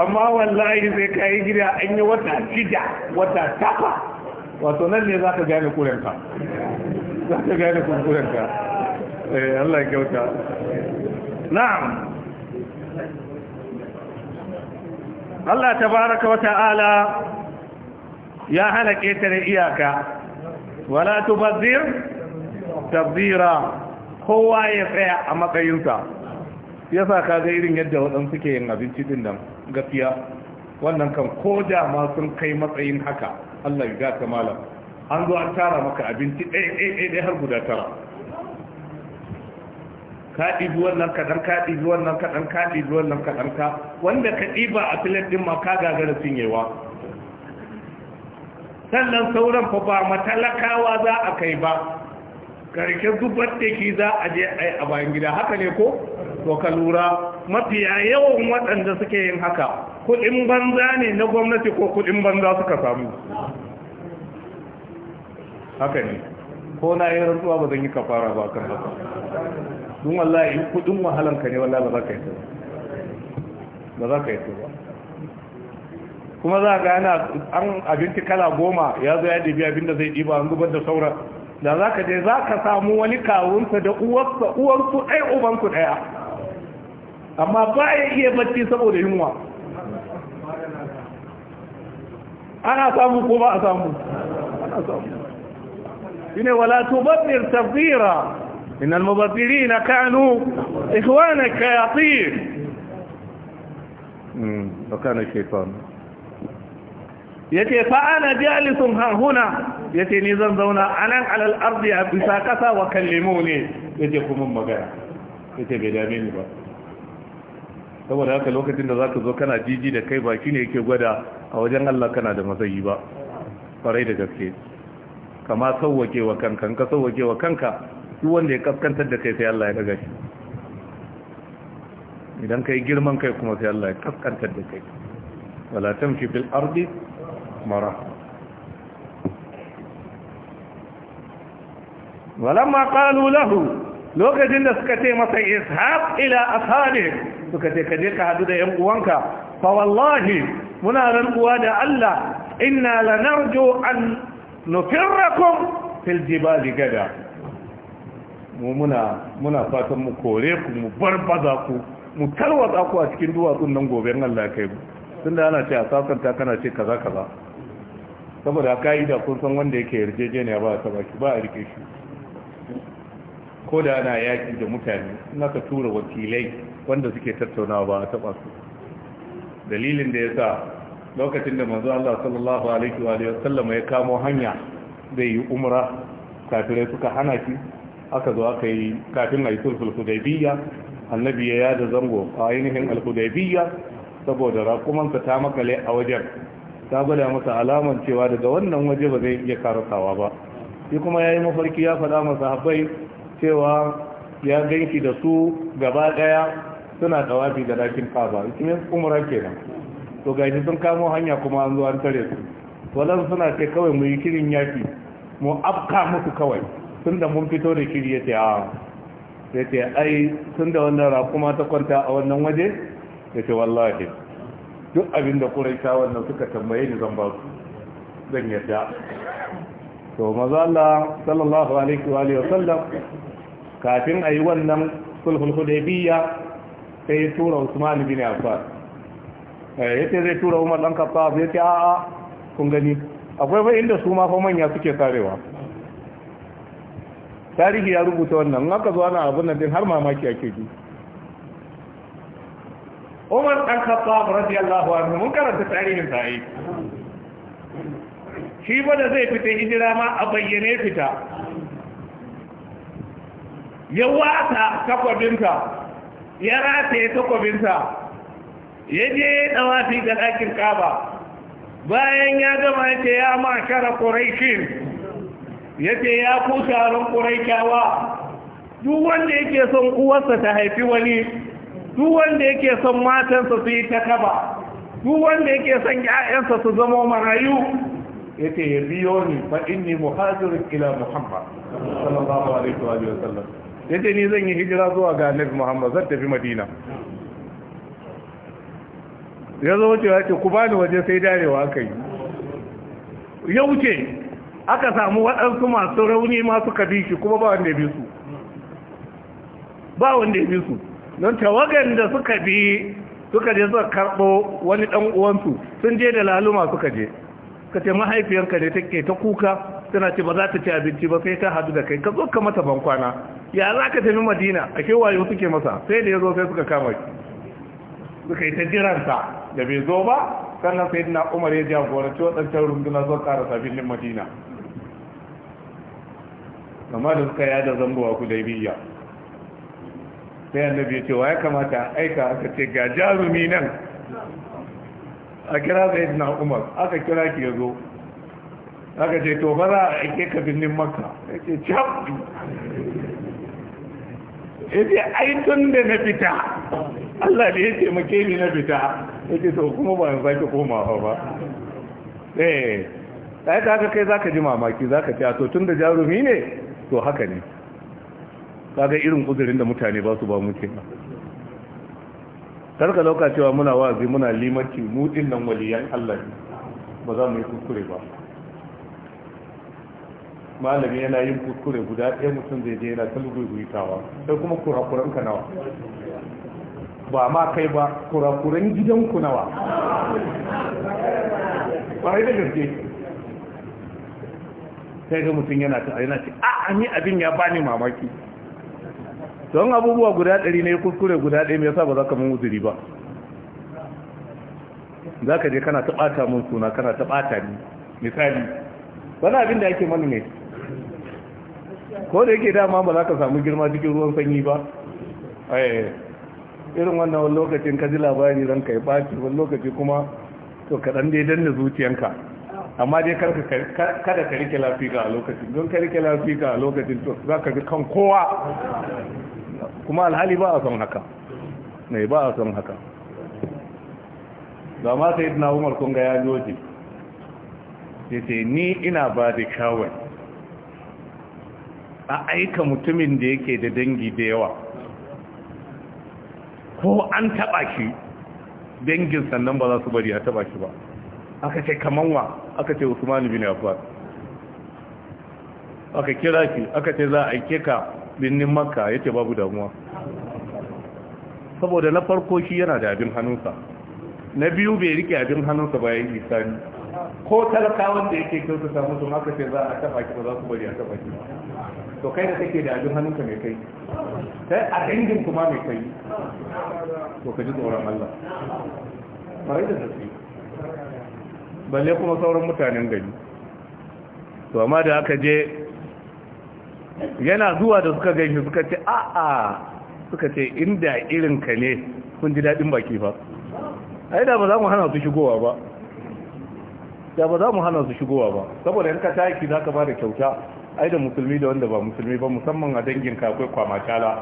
amma wallahi sai kai gida an yi wata shida wata tafa wato nan ne za ka gane kurenka za ka gane ka eh Allah ya kyauta na'am Allah tabaraka wa ta'ala ya ta da iyaka wala tubazzir tabzira kowa ya tsaya a matsayinsa yasa ga irin yadda waɗansu suke yin abinci din nan gafiya wannan kan ko da ma sun kai matsayin haka Allah ya gata malam an zo an tara maka abinci ɗaya ɗaya har guda tara ka ɗibi wannan kaɗan ka ɗibi wannan kaɗan ka ɗibi wannan kaɗan ka wanda ka ɗiba a filet ɗin ma ka gagara yawa sannan sauran fa ba matalakawa za a kai ba karke zubar da ki za a je a yi a bayan gida haka ne ko to ka lura mafiya yawan waɗanda suke yin haka kuɗin banza ne na gwamnati ko kuɗin banza suka samu haka ne ko na yi rantsuwa ba zan yi kafara ba kan haka dun wallahi kuɗin wahalan ka ne wallahi ba za ka yi ba za ka yi ba kuma za ga yana an abinci kala goma ya zo ya ɗibi abin da zai ɗiba an zubar da sauran. da za ka je za ka samu wani kawunsa da uwarsa uwarsu ai ubansu ɗaya amma ba ya iya bacci saboda yunwa ana samu ko ba a samu ana samu shine wala tubabbir tafsira إن المبذرين كانوا إخوانك يطير وكان الشيطان يتي فأنا جالس ها هنا ya ce ni zan zauna a nan alal arzi a bisa kasa wa kallemo ne ya ce kuma magana ya ce bai dame ni ba saboda haka lokacin da za ka zo kana jiji da kai baki ne yake gwada a wajen Allah kana da matsayi ba farai da gaske kama sauwake wa kanka ka sauwake wa kanka duk wanda ya kaskantar da kai sai Allah ya daga shi idan kai girman kai kuma sai Allah ya kaskantar da kai wala tamshi bil ardi mara walamma qalu lahu lokacin da suka ce masa ishaq ila asali suka ce kaje ka hadu da yan uwanka fa wallahi muna ran uwa da Allah inna lanarju an nufirrakum fil jibali gada mu muna muna fatan mu kore ku mu barbaza ku mu tarwatsa ku a cikin duwatsun nan gobe in Allah kai ku tunda ana ce a sasanta kana ce kaza kaza saboda ka'ida kun san wanda yake yarjejeniya ba ta baki ba a rike shi ko da ana yaƙi da mutane suna ka tura wakilai wanda suke tattaunawa ba a taɓa su dalilin da ya sa lokacin da manzo Allah sallallahu alaihi wa sallama ya kamo hanya zai yi umra kafirai suka hana shi aka zo aka yi kafin a yi sulhul hudaybiyya annabi ya yada zango a ainihin al-hudaybiyya saboda raƙumansa ta makale a wajen ta gwada masa alaman cewa daga wannan waje ba zai iya karatawa ba shi kuma ya yi mafarki ya faɗa masa haɓai cewa ya ganki da su gaba daya suna tawafi da dakin kaba ismin umra kenan to gaji sun kamo hanya kuma an zo an tare su Wannan suna ce kawai mu yi kirin yafi mu afka musu kawai tunda mun fito da kiri yace a ah. yace ai da wannan raƙuma ta kwanta a wannan waje yace wallahi duk abin da kuraisha wannan suka tambaye ni zan ba su zan yarda to maza Allah sallallahu alaihi wa alihi sallam kafin a yi wannan sulhul hudaybiya sai ya tura Usman bin Affan eh yace zai tura Umar dan Khattab yace a a kun gani akwai fa inda su ma fa manya suke karewa tarihi ya rubuta wannan in aka zo ana abin nan din har mamaki ake ji Umar dan Khattab radiyallahu anhu mun karanta tarihin sa eh. shi ba da zai fita hijira ma a bayyane fita ya wata takwabinsa ya rataye takwabinsa ya je ya fi ga ɗakin kaba bayan ya gama ya ce ya shara ƙuraishin ya ce ya ku sharon ƙuraishawa duk wanda yake son uwarsa ta haifi wani duk wanda yake son matansa su yi ta kaba duk wanda yake son ‘ya'yansa su zama marayu ya ce ya biyo ni fa inni muhajirin ila muhammad sallallahu alaihi wa sallam ya ni zan yi hijira zuwa ga Nabi muhammad zan tafi madina ya zo wucewa ce ku bani waje sai darewa aka yi ya wuce aka samu waɗansu masu rauni masu kabishi kuma ba wanda ya bi su ba wanda ya bi su don tawagan da suka bi suka je suka karɓo wani ɗan uwansu sun je da laluma suka je ka ce mahaifiyarka ne take ta kuka tana ce ba za ta ci abinci ba sai ta hadu da kai ka zo ka mata bankwana ya za ka tafi madina a wayo suke masa sai da ya zo sai suka kama shi suka yi ta jiranta da bai zo ba sannan sai na umar ya jagoranci waɗancan runduna zo ƙara sabinin madina kama da suka yada zangowa ku da biya sai annabi ya ce wa ya kamata aika aka ce ga jarumi nan a kira sai na umar aka kira ki ya zo aka ce to ba za a aike ka birnin makka ya ce cam ya ce aitun da na fita Allah da ya ce make na fita ya ce to kuma ba zaki komawa ba ee ta yi ta haka kai za ka ji mamaki za ka ce a to tun da jarumi ne to haka ne kaga irin uzurin da mutane ba su ba muke ke karka lauka cewa muna wazi muna limanci mu nan waliyan Allah ba za mu yi kuskure ba malami yana yin kuskure guda ɗaya mutum zai je yana ta lugurguritawa sai kuma kurakuran ka nawa ba ma kai ba kurakuran gidanku nawa ba yi da gaske sai ga mutum yana ta yana ce a ni abin ya bani mamaki don abubuwa guda ɗari ne kuskure guda ɗaya me yasa ba za ka mun uzuri ba za ka je kana ta ɓata mun suna kana ta ɓata ni misali wani abin da ake mani ne ko da yake dama ba za ka samu girma cikin ruwan sanyi ba eh, irin wannan wani lokacin ka ji labari ka yi ɓaci wani lokaci kuma to kaɗan dai da zuciyanka amma dai kada ka rike lafika a lokacin don ka rike lafika a lokacin to za ka ji kan kowa kuma alhali ba a son haka mai eh, ba a son haka ba ma sai na umar kun ga ya ya ce ni ina ba da shawari a aika mutumin da yake da dangi da yawa ko an taɓa shi dangin sannan ba za su bari a taɓa shi ba aka ce kamanwa aka ce usmanu bin affan aka kira shi aka ce za a aike ka binnin makka yace babu damuwa saboda na farko shi yana da abin hannunsa na biyu bai rike abin hannunsa ba ya yi isani ko talakawan da yake kyautata musu haka ce za a kafa ki ba za ku bari a kafa ki to kai da kake da abin hannunka mai kai sai a dangin kuma mai kai to ka ji tsoron Allah yi da tafi balle kuma sauran mutanen gari to amma da aka je yana zuwa da suka gaishe suka ce a'a suka ce inda irinka ne kun ji daɗin baki fa ai da ba za mu hana su shigowa ba da ba za mu hana su shigowa ba saboda in ka taki za ka ba da kyauta ai da musulmi da wanda ba musulmi ba musamman a dangin ka akwai kwamakala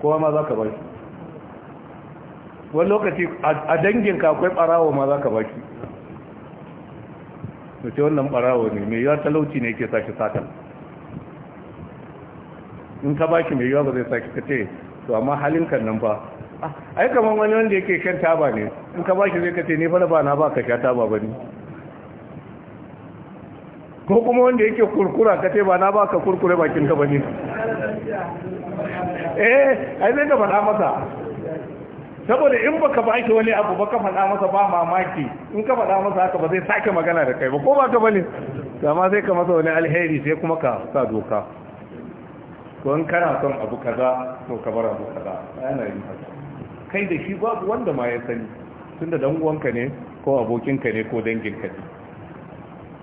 kowa ma za ka ba shi wani lokaci a dangin ka akwai barawo ma za ka ba shi da ce wannan barawo ne mai yiwa talauci ne ke sake satan in ka ba shi mai yiwa ba zai sake ka ce to amma halin kan nan ba ai kamar wani wanda yake kan taba ne in ka bashi zai kace ne fara ba na ba ka sha taba bane ko kuma wanda yake kurkura ka ce ba na ba ka kurkure bakin ka bane eh ai zai ka faɗa masa saboda in baka ba shi wani abu baka faɗa masa ba mamaki in ka faɗa masa haka ba zai sake magana da kai ba ko ba ka bane amma sai ka masa wani alheri sai kuma ka sa doka ko in kana son abu kaza to ka bar abu kaza ana yin haka kai da shi babu wanda ma ya sani tun da danguwanka ne ko abokinka ne ko danginka ne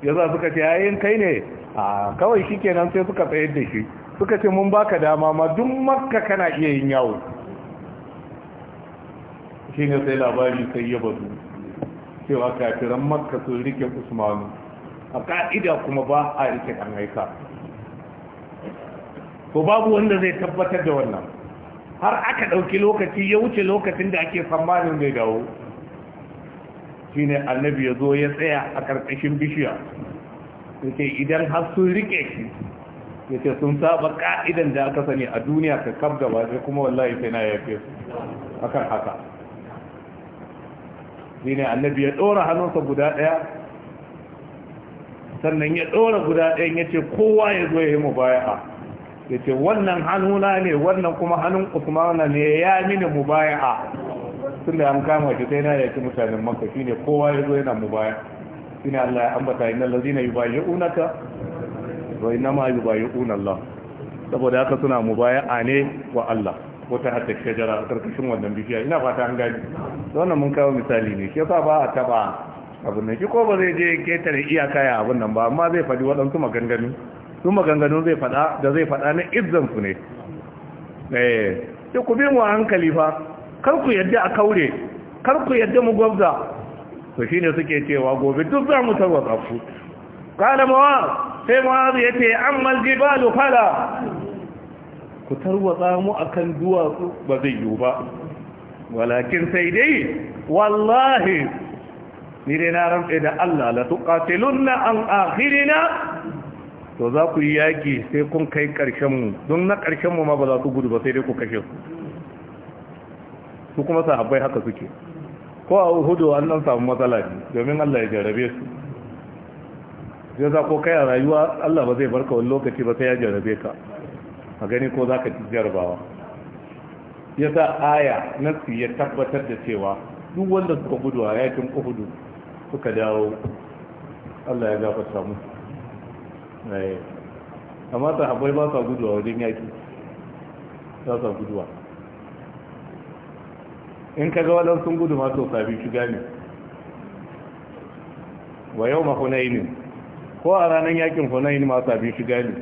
ya za suka ce yayin kai ne a kawai shi kenan sai suka tsayar da shi suka ce mun baka dama ma duk makka kana iya yin yawo shi ne sai labari sai ya bazu cewa kafiran makka sun rike usmanu a ka'ida kuma ba a rike ɗan aika ko babu wanda zai tabbatar da wannan har aka ɗauki lokaci ya wuce lokacin da ake tsammanin zai dawo shi ne annabi ya zo ya tsaya a ƙarƙashin bishiya ya ce idan har sun riƙe shi ya ce sun saba ƙa'idan da aka sani a duniya ka kaf gaba sai kuma wallahi sai na yafe su akan haka shi ne annabi ya ɗora hannunsa guda ɗaya sannan ya ɗora guda ɗayan ya ce kowa ya zo ya yi mu baya'a ya ce wannan hannuna ne wannan kuma hannun usmana ne ya mini mubaya'a tun da an kama shi sai na yaki mutanen maka shine kowa ya zo yana mubaya shine Allah ya ambata innal ladina yubayi'unaka wa yi yubayi'una Allah saboda haka suna mubaya'a ne wa Allah wata hatta shajara karkashin wannan bishiya ina fata an gani wannan mun kawo misali ne shi yasa ba a taba abin nan shi ko ba zai je ketare iyaka ya abin nan ba amma zai faɗi waɗansu maganganu su maganganun zai fada da zai fada na izzansu ne eh sai ku bi mu hankali fa Karku ku yadda a kaure kar yadda mu gwabza to shine suke cewa gobe duk za mu tarwatsa ku qala mawaz sai mawaz yace amma aljibalu fala ku tarwatsa mu akan duwatsu ba zai yiwu ba walakin sai dai wallahi ni dai na rantsa da Allah la na an akhirina to za ku yi yaƙi sai kun kai ƙarshenmu don na ƙarshenmu ma ba za su gudu ba sai dai ku kashe su su kuma sahabbai haka suke ko a hudu an nan samu matsala ne domin Allah ya jarabe su zai za ko kai a rayuwa Allah ba zai barka wani lokaci ba sai ya jarabe ka a gani ko za ka ci jarabawa ya sa aya su ya tabbatar da cewa duk wanda suka gudu a yakin uhudu suka dawo Allah ya gafarta musu Eh. amma sahabbai ba sa guduwa wajen yaki ba sa guduwa in kaga waɗansu gudu ma to sabi shiga ne wa yau ma hunainin ko a ranar yakin hunain ma sabi shiga ne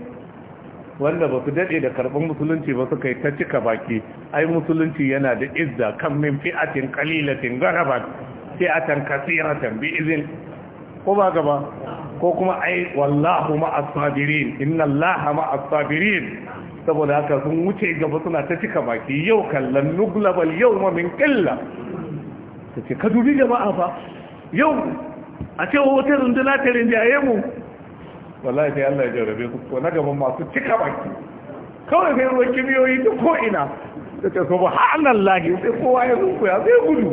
wanda ba su daɗe da karɓar musulunci ba suka yi ta cika baki ai musulunci yana da izza kan min fi'atin kalilatin garabat fi'atan kasiratan bi izin ko ba gaba ko kuma ai wallahu ma asabirin. inna allaha ma asabirin. saboda haka sun wuce gaba suna ta cika baki yau kallon nuglabal yau ma min killa ta ce ka dubi jama'a fa yau a ce wata runduna ta rinjaye mu wallahi sai Allah ya jarabe su ko na gaban masu cika baki kawai sai ruwan kimiyoyi duk ko ina ta ce subhanallahi sai kowa ya zuku ya sai gudu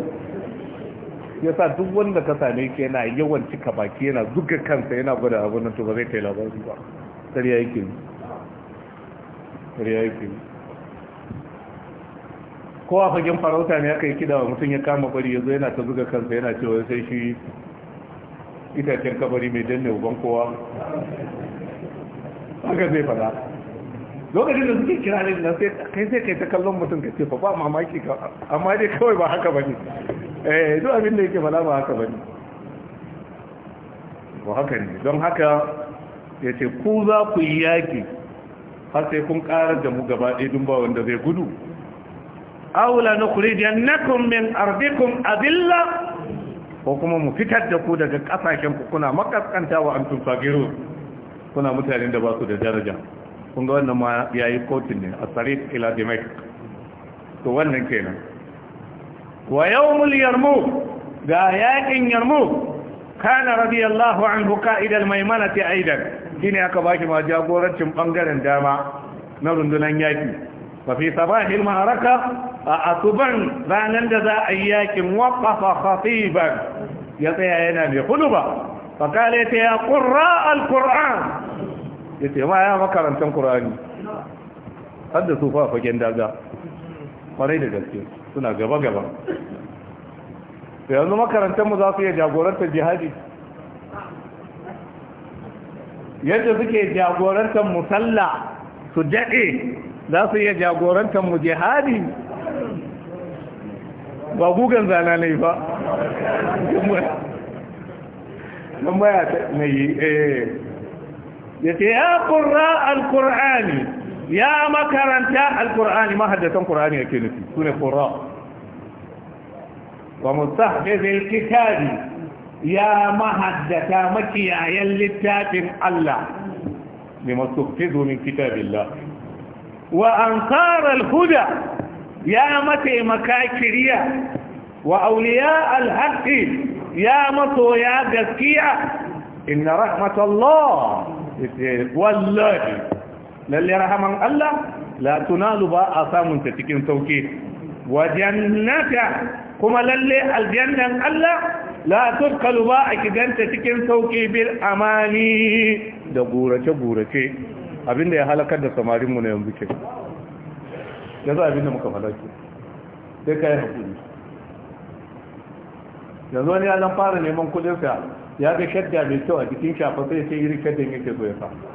ya sa duk wanda ka same ke yana yawan cika baki yana zuga kansa yana gwada abin nan to ba zai kai labari ba ƙarya yake ƙarya yake ko a fagen farauta ne aka yi kida wa mutum ya kama bari yanzu yana ta zuga kansa yana cewa sai shi itacen kabari mai danne uban kowa haka zai fada lokacin da suke kira ne na sai kai sai kai ta kallon mutum ka ce fa ba mamaki ka amma dai kawai ba haka ba ne eh duk abin da yake fada ba haka bane ba haka ne don haka ya ce ku za ku yi yaki har sai kun ƙarar da mu gaba ɗaya dun ba wanda zai gudu aula na kuridiyannakum min ardikum adilla ko kuma mu fitar da ku daga ƙasashen ku kuna makaskanta wa antum fagiru kuna mutanen da ba su da daraja kun ga wannan ma yayi kotun ne a sarit ila dimek to wannan kenan wa yawmul yarmuk ga yaƙin yarmu kana radiyallahu anhu qa'idal maimanati aidan shine aka baki ma jagorancin bangaren dama na rundunan yaki fa fi sabahil ma'araka a asuban ranan da za a yi yakin waqafa khatiban ya tsaya yana mai huduba fa kale ta ya qurra alquran yace ma ya makarantan qur'ani hadda su fa fagen daga kwarai da gaske suna gaba-gaba da yanzu makarantarmu za su iya jagorantar jihadi yadda suke jagorantar musalla su daɗe za su iya jagorantar mu jihadi ba gugan zana ne ba don baya na yi eh. ya ce ya ƙura al-ƙur'ani يا مكرنت القرآن ما هدى تن قرآن يكينتي سنة قراء ومستحفظ الكتاب يا يا مكيا آية يلتات الله لما تحفظ من كتاب الله وأنصار الهدى يا متي مكاكرية وأولياء الحق يا متو يا ذكية إن رحمة الله والله lalle rahaman Allah la tunalu ba a samun ta cikin sauke wa jannata kuma lalle aljannan Allah la tukalu ba a kiganta cikin sauke bil amani da gurace gurace abinda ya halakar da samarin mu na yanzu ke yanzu abinda muka falaki sai kai hakuri yanzu wani ya zan fara neman kudin sa ya ga shadda mai kyau a jikin shafa sai sai iri shaddan yake so ya fara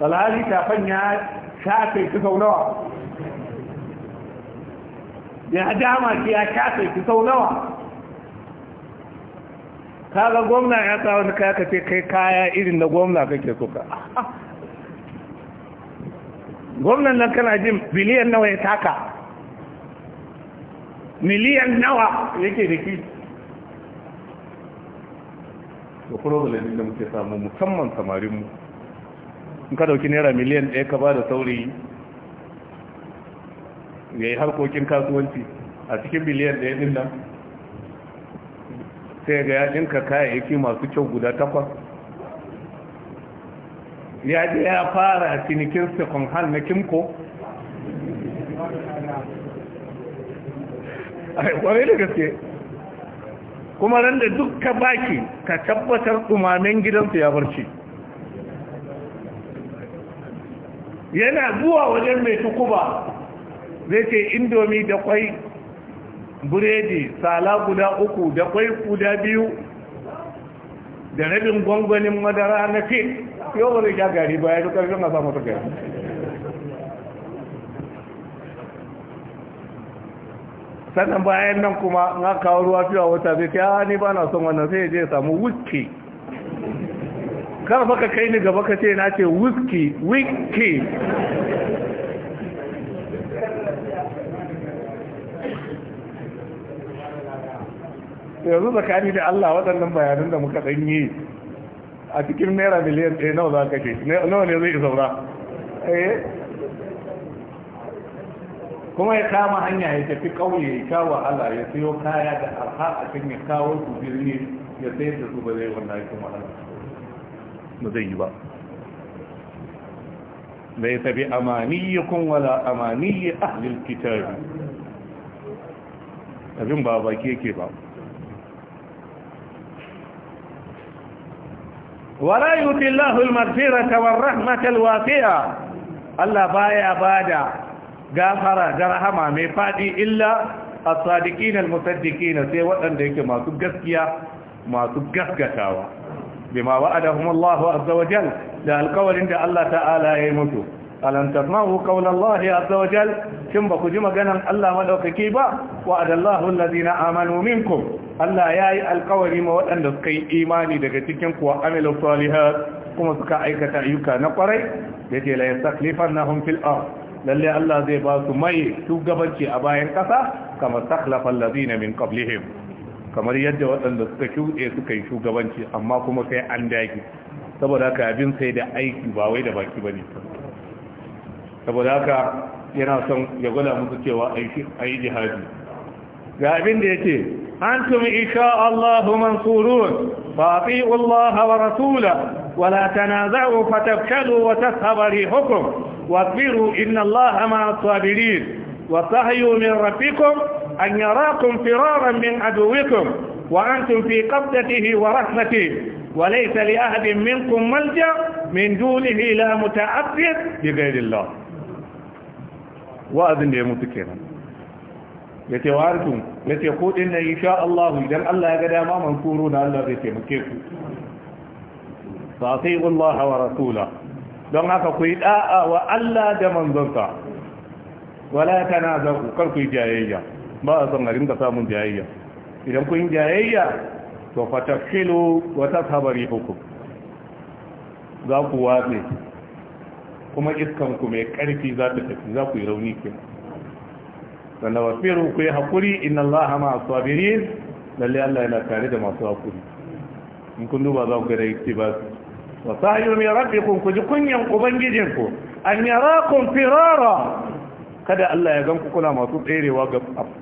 alhali tafan ya shafe su sau nawa ya dama shi ya shafe su sau nawa kaga gwamna ya sa wani kaya kace kai kaya irin da gwamna kake suka gwamnan nan kana jin biliyan nawa ya taka miliyan nawa yake da ki da problem da muke samu musamman samarinmu in ka dauki naira miliyan ɗaya ka ba da saurayi ya yi harkokin kasuwanci a cikin miliyan ɗaya ɗin nan sai ga yaɗinka kayayyaki masu kyau guda takwas ya je ya fara cinikin second hand na kimko kwarai da gaske kuma ran da ka baki ka tabbatar umamen gidansu ya barci yana zuwa wajen mai tukuba zai ce indomi da kwai buredi sala guda uku da kwai guda biyu da rabin gwangwanin madara na fi yau wani ya gari ba ya fi karfin a samun tukai sannan bayan nan kuma na kawo ruwa fiye wata zai ta ah, ni ba na son wannan sai ya je samu wuce kar ka kai ni gaba ka ce na ce wiki yanzu tsakani da Allah waɗannan bayanan da muka ɗan yi a cikin naira miliyan ɗaya nawa za ka ce nawa ne zai saura eh. kuma ya kama hanya ya tafi ƙauye ya kawo wahala ya siyo kaya da arha a cikin ya kawo su birni ya sayar da su ba zai wannan aikin wahala ba zai yi ba zai tabi amaniyikun wala amaniyi ahlil kitabi abin ba baki yake ba wala yuti Allahul maghfirata war rahmatal wasi'a Allah baya bada gafara da rahama mai fadi illa as-sadiqina al-musaddiqina sai waɗanda yake masu gaskiya masu gaskatawa bima wa'adahum Allah azza wa jal da alƙawarin da Allah ta'ala ya yi mutu alam tasma'u qawla Allah azza wa jal kin ba ku ji maganan Allah madaukaki ba wa'adallahu allazina amanu minkum Allah ya yi ma waɗanda suka yi imani daga cikin kuwa amilu salihat kuma suka aikata ayyuka na kwarai yace la yastaklifannahum fil ardh lalle Allah zai ba su mai shugabanci a bayan ƙasa kamar taklafan lazina min qablihim kamar yadda waɗanda suka shuɗe suka yi shugabanci amma kuma sai an dage saboda haka abin sai da aiki ba wai da baki ne. saboda haka yana son ya gwada musu cewa a yi jihadi ga abin da ya ce an tumi isha Allahu mansurun ba fi Allah wa rasula wala tanaza'u fatafshalu hukum wasbiru inna Allah ma sabirin wa sahyu min rabbikum أن يراكم فرارا من عدوكم وأنتم في قبضته ورحمته وليس لأحد منكم ملجأ من دونه لا متأثر بغير الله وأذن لي متكينا يتي واركم يتي يقول إن إن شاء الله إذا الله قد ما منكورون ألا بيتي مكيكو فأطيق الله ورسوله دون هكا آآ وألا دمان ضنطا ولا تنازعوا كالكي جايجا ba a son a rinka samun jayayya idan kun jayayya to fatakilu wata sabari hukum za ku watse kuma iskanku mai ƙarfi za ta tafi za ku yi rauni ke sannan wasfiru ku yi haƙuri inna Allah ma sabirin lalle Allah yana tare da masu haƙuri in kun duba za ku ga da yake ba su wa sahiru min rabbikum ku ji kunyan ubangijinku an yara kun firara kada Allah ya ganku kula masu tserewa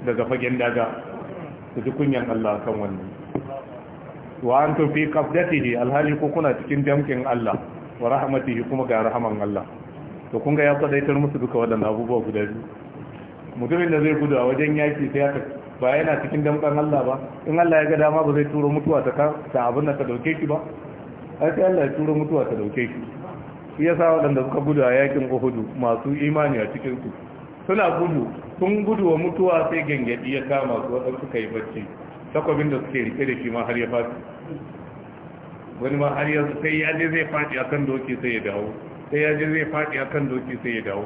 daga fagen daga su ji kunyan Allah kan wannan wa an tufi qabdatihi alhali ku kuna cikin damkin Allah wa rahmatihi kuma ga rahaman Allah to kun ga ya kwadaitar musu duka wadannan abubuwa guda biyu mutumin da zai gudu a wajen yaki sai aka ba yana cikin damkan Allah ba in Allah ya ga dama ba zai turo mutuwa ta ta abin da ka dauke shi ba ai sai Allah ya turo mutuwa ta dauke shi shi yasa wadanda suka gudu a yakin Uhud masu imani a cikin su suna gudu sun gudu wa mutuwa sai gangadi ya kama su waɗansu suka yi bacci takwabin da suke rike da shi ma har ya fasi wani ma har yanzu sai ya je zai faɗi akan doki sai ya dawo sai ya je zai faɗi akan doki sai ya dawo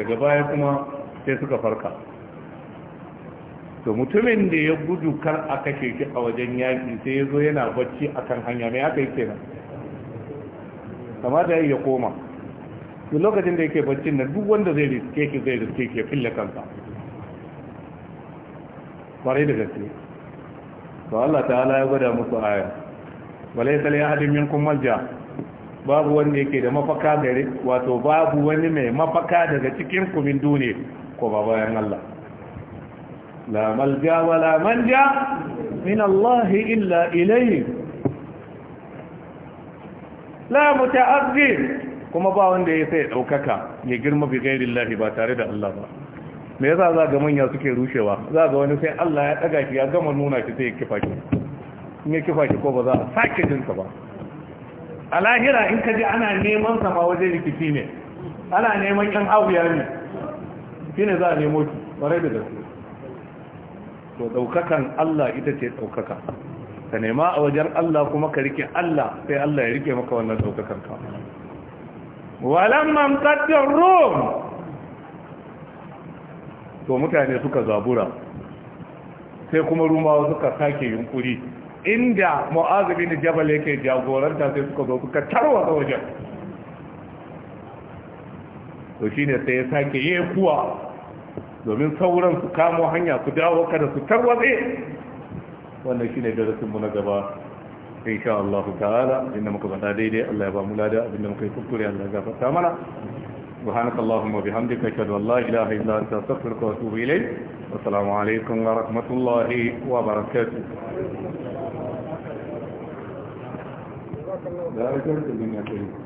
daga baya kuma sai suka farka to mutumin da ya gudu kar a kashe shi a wajen yaki sai ya zo yana bacci akan hanya mai aka yi kenan da ya koma duk lokacin da yake baccin nan duk wanda zai riske ki zai riske ki ya fille kansa kwarai da gaske to Allah ta'ala ya gwada musu aya walai sal ya hadin minkum malja babu wanda yake da mafaka gare wato babu wani mai mafaka daga cikin ku min dune ko ba bayan Allah la malja wala manja min Allah illa ilayhi la muta'azzir kuma ba wanda ya sai ya ɗaukaka ya girma bi gairin lahi ba tare da Allah ba me yasa za ga manya suke rushewa za ga wani sai Allah ya ɗaga shi ya gama nuna shi sai ya kifa shi in ya kifa shi ko ba za a sake jinsa ba a lahira in ka ji ana neman sama waje rikici ne ana neman yan abuya ne shi ne za a nemo shi ƙwarai da gaske to ɗaukakan Allah ita ce ɗaukaka ka nema a wajen Allah kuma ka rike Allah sai Allah ya rike maka wannan ɗaukakan ka walamma mtattar rum to mutane suka zabura sai kuma rumawa suka sake yunkuri inda mu'azubi da jabal yake jagoranta sai suka zo suka tarwa wajen to shine sai ya sake yi kuwa domin sauran su kamo hanya su dawo kada su tarwa tarwatse wannan shine darasin mu na gaba إن شاء الله تعالى muka faɗa daidai Allah ya ba mu lada abinda muka yi kuskure سبحانك اللهم وبحمدك أشهد أن لا إله إلا أنت أستغفرك وأتوب إليك والسلام عليكم ورحمة الله وبركاته لا الدنيا كريم